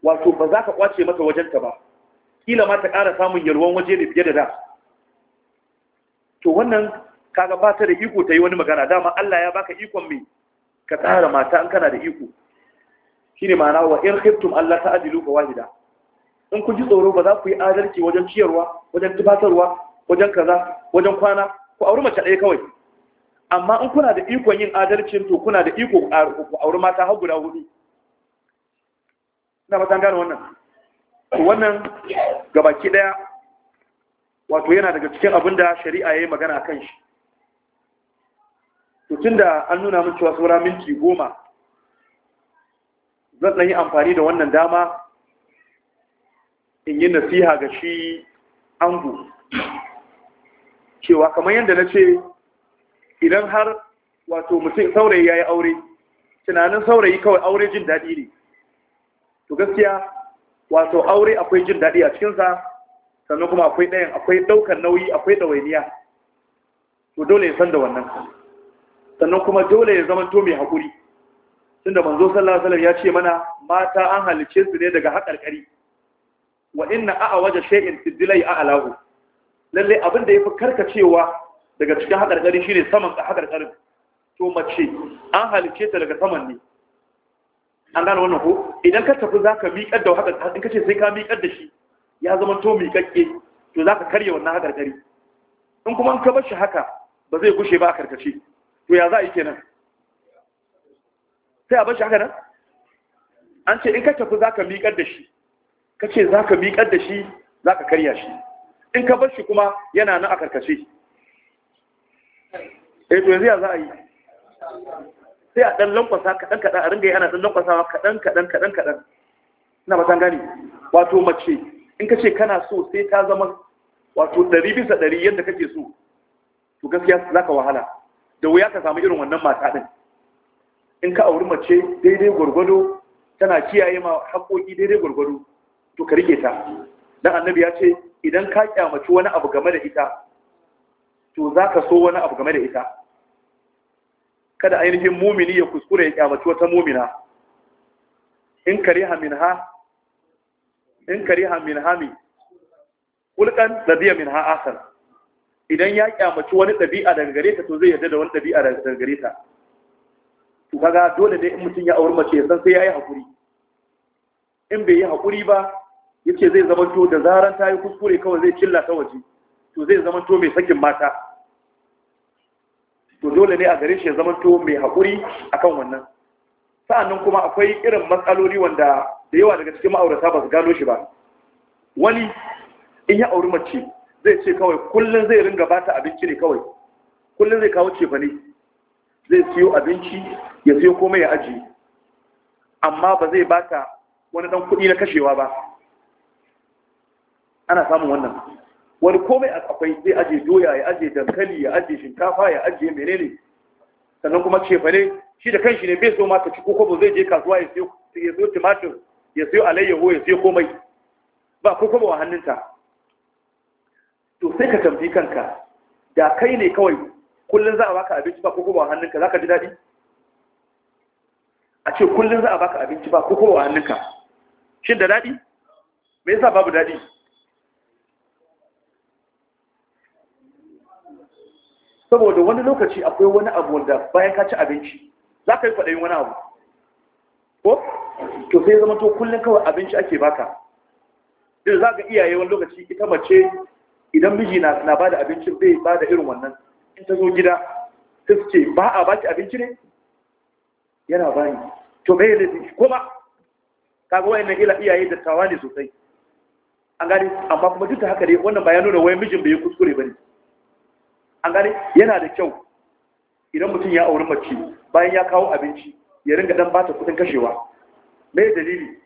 wato ba za ka kwace mata wajenta ba kila ma ta ƙara samun yalwan waje ne fiye da da to wannan kaga ba ta da iko ta yi wani magana dama Allah ya baka ikon mai ka tsara mata an kana da iko shine ma'ana wa in khiftum Allah ta'dilu fa wahida in ku ji tsoro ba za ku yi adalci wajen ciyarwa wajen tubatarwa wajen kaza wajen kwana ku auri mace ɗaya kawai amma in kuna da ikon yin adalcin to kuna da iko ku auri mata har guda hudu ina fatan gane wannan to wannan gabaki daya wato yana daga cikin abin da shari'a yayi magana kan shi to tunda an nuna min cewa saura minti goma zan ɗanyi yi amfani da wannan dama in yi nasiha ga shi angu cewa kamar yadda na ce idan har wato mutum saurayi ya yi aure tunanin saurayi kawai aure jin daɗi ne to gaskiya wato aure akwai jin daɗi a cikinsa sannan kuma akwai ɗayan akwai ɗaukar nauyi akwai ɗawainiya to dole ya san da wannan sannan kuma dole ya zama to mai haƙuri tunda manzo sallallahu alaihi wasallam ya ce mana mata an halice su ne daga haƙarƙari wa inna a'a waje shay'in tidlai a alahu lalle abin da yafi karkacewa daga cikin haƙarƙari shine saman ka haƙarƙarin to mace an halice ta daga saman ne an gane wannan ko idan ka tafi zaka miƙar da haƙarƙari in kace sai ka miƙar da shi ya zama to miƙaƙƙe to zaka karye wannan haƙarƙari in kuma in ka bar shi haka ba zai gushe ba a karkace to ya za a yi kenan sai a bashi haka nan an ce in ka tafi za ka miƙar da shi ka ce za ka miƙar da shi za ka karya shi in ka bashi kuma yana nan a karkashe e eh, to yanzu ya za a yi sai a ɗan lankwasa kaɗan kaɗan a ringa yi ana ɗan lankwasawa kaɗan kaɗan kaɗan kaɗan ina matan gani wato mace in ka ce kana so sai ta zama wato ɗari bisa ɗari yadda kake so to gaskiya za ka wahala da wuya ka samu irin wannan mata ɗin in ka auri mace daidai gwargwado tana kiyaye ma haƙoƙi daidai gwargwado to ka rike ta dan annabi ya ce idan ka kyamaci wani abu game da ita to za ka so wani abu game da ita kada ainihin mumini ya kuskure ya kyamaci wata mumina in kariha ha, in kariha ha mi kulkan min ha asar idan ya kyamaci wani ɗabi'a daga gare ta to zai yarda da wani ɗabi'a daga gare ta kaga dole dai in mutum ya auri mace ya san sai ya yi haƙuri in bai yi hakuri ba yace zai zama to da zaran ta yi kuskure kawai zai killa ta waje to zai zama to mai sakin mata to dole ne a gare shi ya zama to mai hakuri akan wannan sa'annan kuma akwai irin matsaloli wanda da yawa daga cikin ma'aurata ba su gano shi ba wani in ya auri mace zai ce kawai kullum zai ringa bata abinci ne kawai kullum zai kawo cefane zai siyo abinci ya siyo komai ya aji, amma ba zai baka wani dan kuɗi na kashewa ba ana samun wannan wani komai akwai zai ajiye doya ya ajiye dankali ya ajiye shinkafa ya ajiye menene sannan kuma cefane shi da kanshi ne bai so ma ka ci ko kobo zai je kasuwa ya siyo ya siyo tumatir ya siyo alayyaho ya siyo komai ba ko kobo a hannunta to sai ka tambi kanka da kai ne kawai kullum za a baka abinci ba ko kuma hannunka za ka ji daɗi a ce kullum za a baka abinci ba ko kuma hannunka shin da daɗi me yasa babu daɗi saboda wani lokaci akwai wani abu wanda bayan ka ci abinci za ka yi kwaɗayin wani abu ko to sai zama to kullum kawai abinci ake baka duk za ka iyaye wani lokaci ita mace idan miji na ba da abincin bai ba da irin wannan in ta gida ta suke ba a baki abinci ne yana bani to bai da ko kaga wayannan ila iyaye da tawa ne sosai an gani amma kuma duk da haka dai wannan ba ya nuna wai mijin bai kuskure bane an gani yana da kyau idan mutum ya auri mace bayan ya kawo abinci ya ringa dan bata kudin kashewa me dalili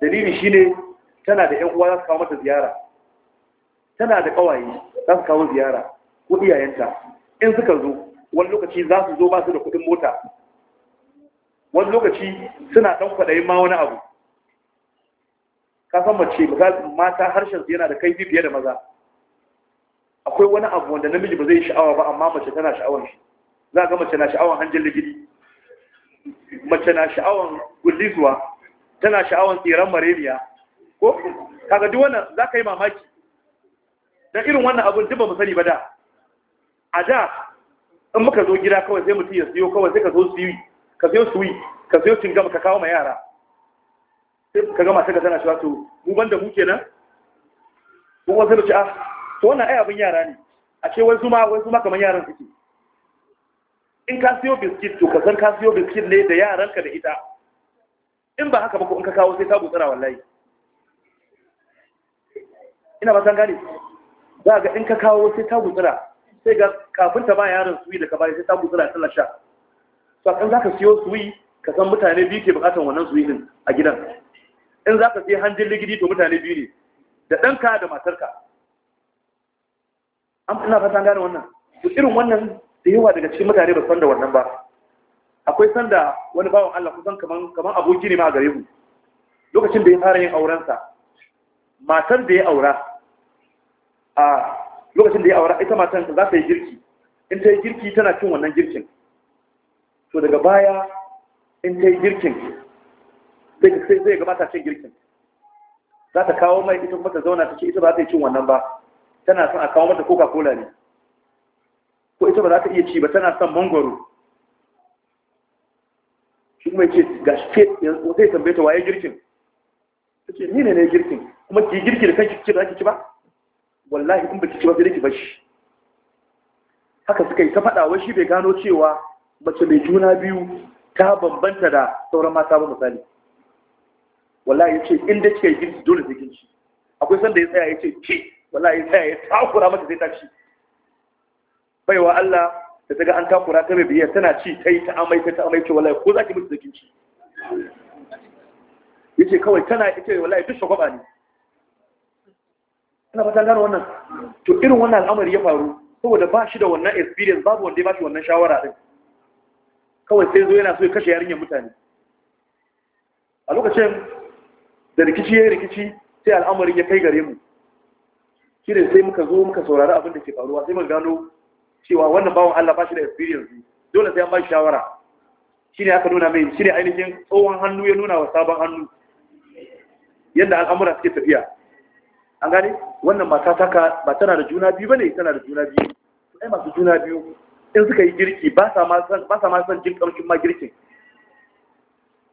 dalili shine tana da ƴan uwa za su kawo mata ziyara tana da kawaye za su kawo ziyara ko iyayenta in suka zo wani lokaci za su zo ba su da kuɗin mota wani lokaci suna ɗan kwaɗayin ma wani abu ka san mace mata harshen su yana da kaifi fiye da maza akwai wani abu wanda namiji ba zai sha'awa ba amma mace tana sha'awar shi za ga mace na sha'awar hanjin ligidi mace na sha'awar gullizuwa tana sha'awar tseren mareniya ko kaga duk wannan za ka yi mamaki don irin wannan abin duk ba mu sani ba da a da in muka zo gida kawai zai mutu ya siyo kawai sai ka zo siyi ka siyo suyi ka siyo cingaba ka kawo ma yara sai ka gama ta ka tana shi wato mu banda mu kenan ko wasu da ce a ah, to wannan ai abin yara ne a ce wai su wai su kamar yaran suke in ka siyo biskit to ka san ka siyo biskit ne da yaran ka da ita in ba haka ba ko in ka kawo sai ta gutsara wallahi ina ba san gane za ga in ka kawo sai ta gutsara sai ga kafin ta ba yaron suyi da ka bayar sai ta gutsura ta lasha to kan zaka siyo suyi ka san mutane biyu ke bukatan wannan suyi din a gidan in zaka siya hanjin ligidi to mutane biyu ne da ɗanka da matarka an ina fata gane wannan to irin wannan da yawa daga cikin mutane ba san da wannan ba akwai sanda wani bawan Allah kusan kaman kaman aboki ne ma a gare mu lokacin da ya fara yin aurensa matar da ya aura a lokacin da ya aura ita matan za ta yi girki in ta yi girki tana cin wannan girkin to daga baya in ta yi girkin sai zai gabata cin girkin za ta kawo mai ita kuma ta zauna ta ce ita ba ta yi cin wannan ba tana son a kawo mata coca cola ne ko ita ba za ta iya ci ba tana son mangoro shi kuma ce ga shi zai tambaye ta waye girkin ta ce ni ne ne girkin kuma ki girki da kanki ce ba za ki ci ba wallahi in baki ci ba sai ki bashi haka suka yi ta faɗa wa shi bai gano cewa mace mai juna biyu ta bambanta da sauran mata ba misali wallahi ya ce inda kika yi girki dole sai kin akwai sanda ya tsaya ya ce ki wallahi ya tsaya ya takura mata sai ta ci baiwa Allah da ta ga an takura ta mai biyar tana ci ta yi ta amai ta amai ce wallahi ko za ki mutu da kin Ya yace kawai tana ita wallahi duk shagwaba ne ina fata gano wannan to irin wannan al'amari ya faru saboda ba shi da wannan experience babu wanda ya ba shi wannan shawara din kawai sai zo yana so ya kashe yarinyar mutane a lokacin da rikici ya rikici sai al'amarin ya kai gare mu shi ne sai muka zo muka saurari abin da ke faruwa sai muka gano cewa wannan bawan Allah ba shi da experience dole sai an ba shi shawara shi ne aka nuna mai shi ne ainihin tsohon hannu ya nuna wa sabon hannu yadda al'amura suke tafiya an gane wannan mata taka ba tana da juna biyu bane tana da juna biyu ai masu juna biyu in suka yi girki ba sa ma san ba sa ma san jin kamshin ma girkin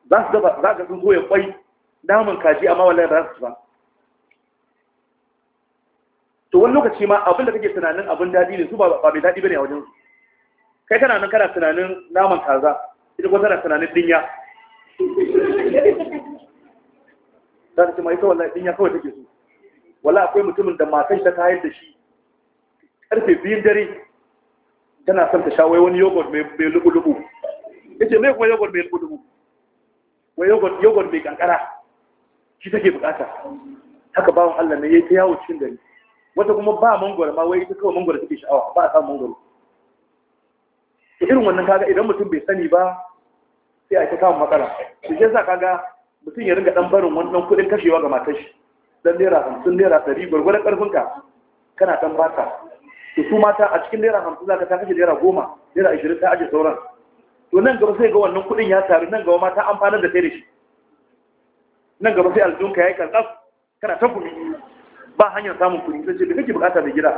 za su dafa za ka sun goye kwai namun kaji amma wallahi ba za su ba to wani lokaci ma abin da kake tunanin abin daɗi ne su ba mai daɗi bane a wajen su kai kana nan kana tunanin naman kaza ita kuma tana tunanin dinya <laughs> za ta ce ma ita wallahi dinya kawai take so wala akwai mutumin da matan ta tayar da shi karfe biyun dare tana son ta sha wai wani yogurt mai lubu-lubu ya ce mai kuma yogurt mai lubu-lubu wai yogurt mai kankara shi take bukata haka bawan Allah ne ya yi ta yawo cikin dare wata kuma ba mangoro ma wai ita kawai mangoro take sha'awa ba a samun mangoro. to irin wannan kaga idan mutum bai sani ba sai a ta kawo matsala to shi yasa kaga mutum ya ringa dan barin wannan kuɗin kashewa ga matar shi dan naira hamsin naira ɗari gwargwadon ƙarfinka kana ɗan ka to su mata a cikin naira hamsin za ka ta kashe naira goma naira ashirin ta ajiye sauran to nan gaba sai ga wannan kuɗin ya taru nan gaba mata amfanar da kai da shi nan gaba sai aljunka ya yi karkas kana ta kuɗi ba hanyar samun kuɗi sai ce da kake bukata da gida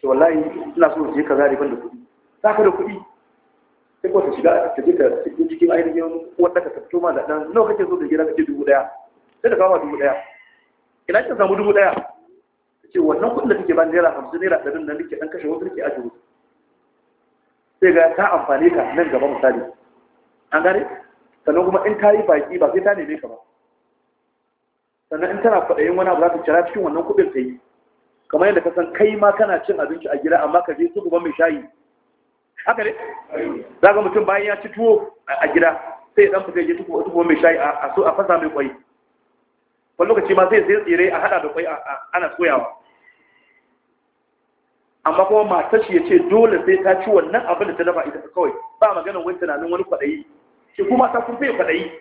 to wallahi ina so je kaza ban da kuɗi za ka da kuɗi sai ko ta shiga ta je ta cikin ainihin wadda ka tattoma ma da ɗan nawa kake so da gida kake dubu ɗaya sai da kama dubu ɗaya ina kin samu dubu ɗaya ce wannan kuɗin da suke ba naira hamsin naira da nan nake ɗan kashe wasu nake ajiye wasu sai ga ta amfani ka nan gaba misali an gare, sannan kuma in ta baki ba sai ta neme ka ba sannan in tana kwaɗayin wani abu za ta cira cikin wannan kuɗin ta yi kamar yadda ka san kai ma kana cin abinci a gida amma ka je su gaban mai shayi haka ne za ga mutum bayan ya ci tuwo a gida sai ya dan fita ya je tuwo mai shayi a so a fasa mai kwai wani lokaci ma sai tsere a hada da kwai a ana soyawa amma kuma matar ya ce dole sai ta ci wannan abin da ta dafa ita kawai ba magana wani tunanin wani kwaɗayi shi kuma ta kun fiye kwaɗayi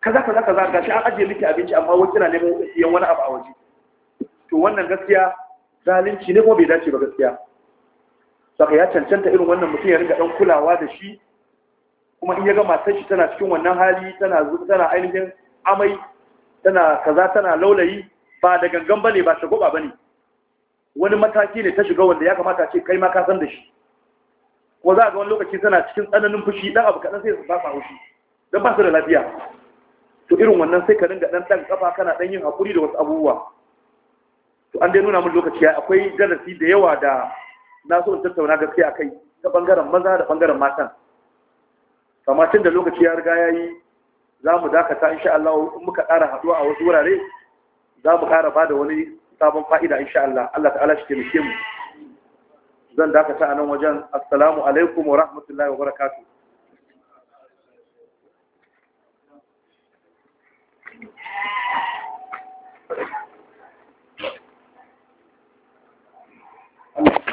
kaza kaza kaza shi an ajiye miki abinci amma wani tana neman yan wani abu a waje to wannan gaskiya zalunci ne kuma bai dace ba gaskiya saka ya cancanta irin wannan mutum ya riga dan kulawa da shi kuma in ya ga matar shi tana cikin wannan hali tana tana ainihin amai tana kaza tana laulayi ba da gangan bane ba ta goba bane wani mataki ne ta shiga wanda ya kamata ce kai ma ka san da shi ko za a ga wani lokaci tana cikin tsananin fushi dan abu kadan sai su fasa haushi don ba su da lafiya to irin wannan sai ka dinga dan dan kafa kana dan yin hakuri da wasu abubuwa to an dai nuna min lokaci akwai darasi da yawa da na so in tattauna gaskiya kai, ta bangaren maza da bangaren matan kamar tun da lokaci ya riga ya yi zamu dakata insha Allah in muka ƙara haɗuwa a wasu wurare zamu mu ƙara ba da wani sabon fa'ida insha Allah Allah ta'ala shi taimake mu zan dakata a nan wajen assalamu alaikum wa rahmatullahi wa barakatuh Thank you.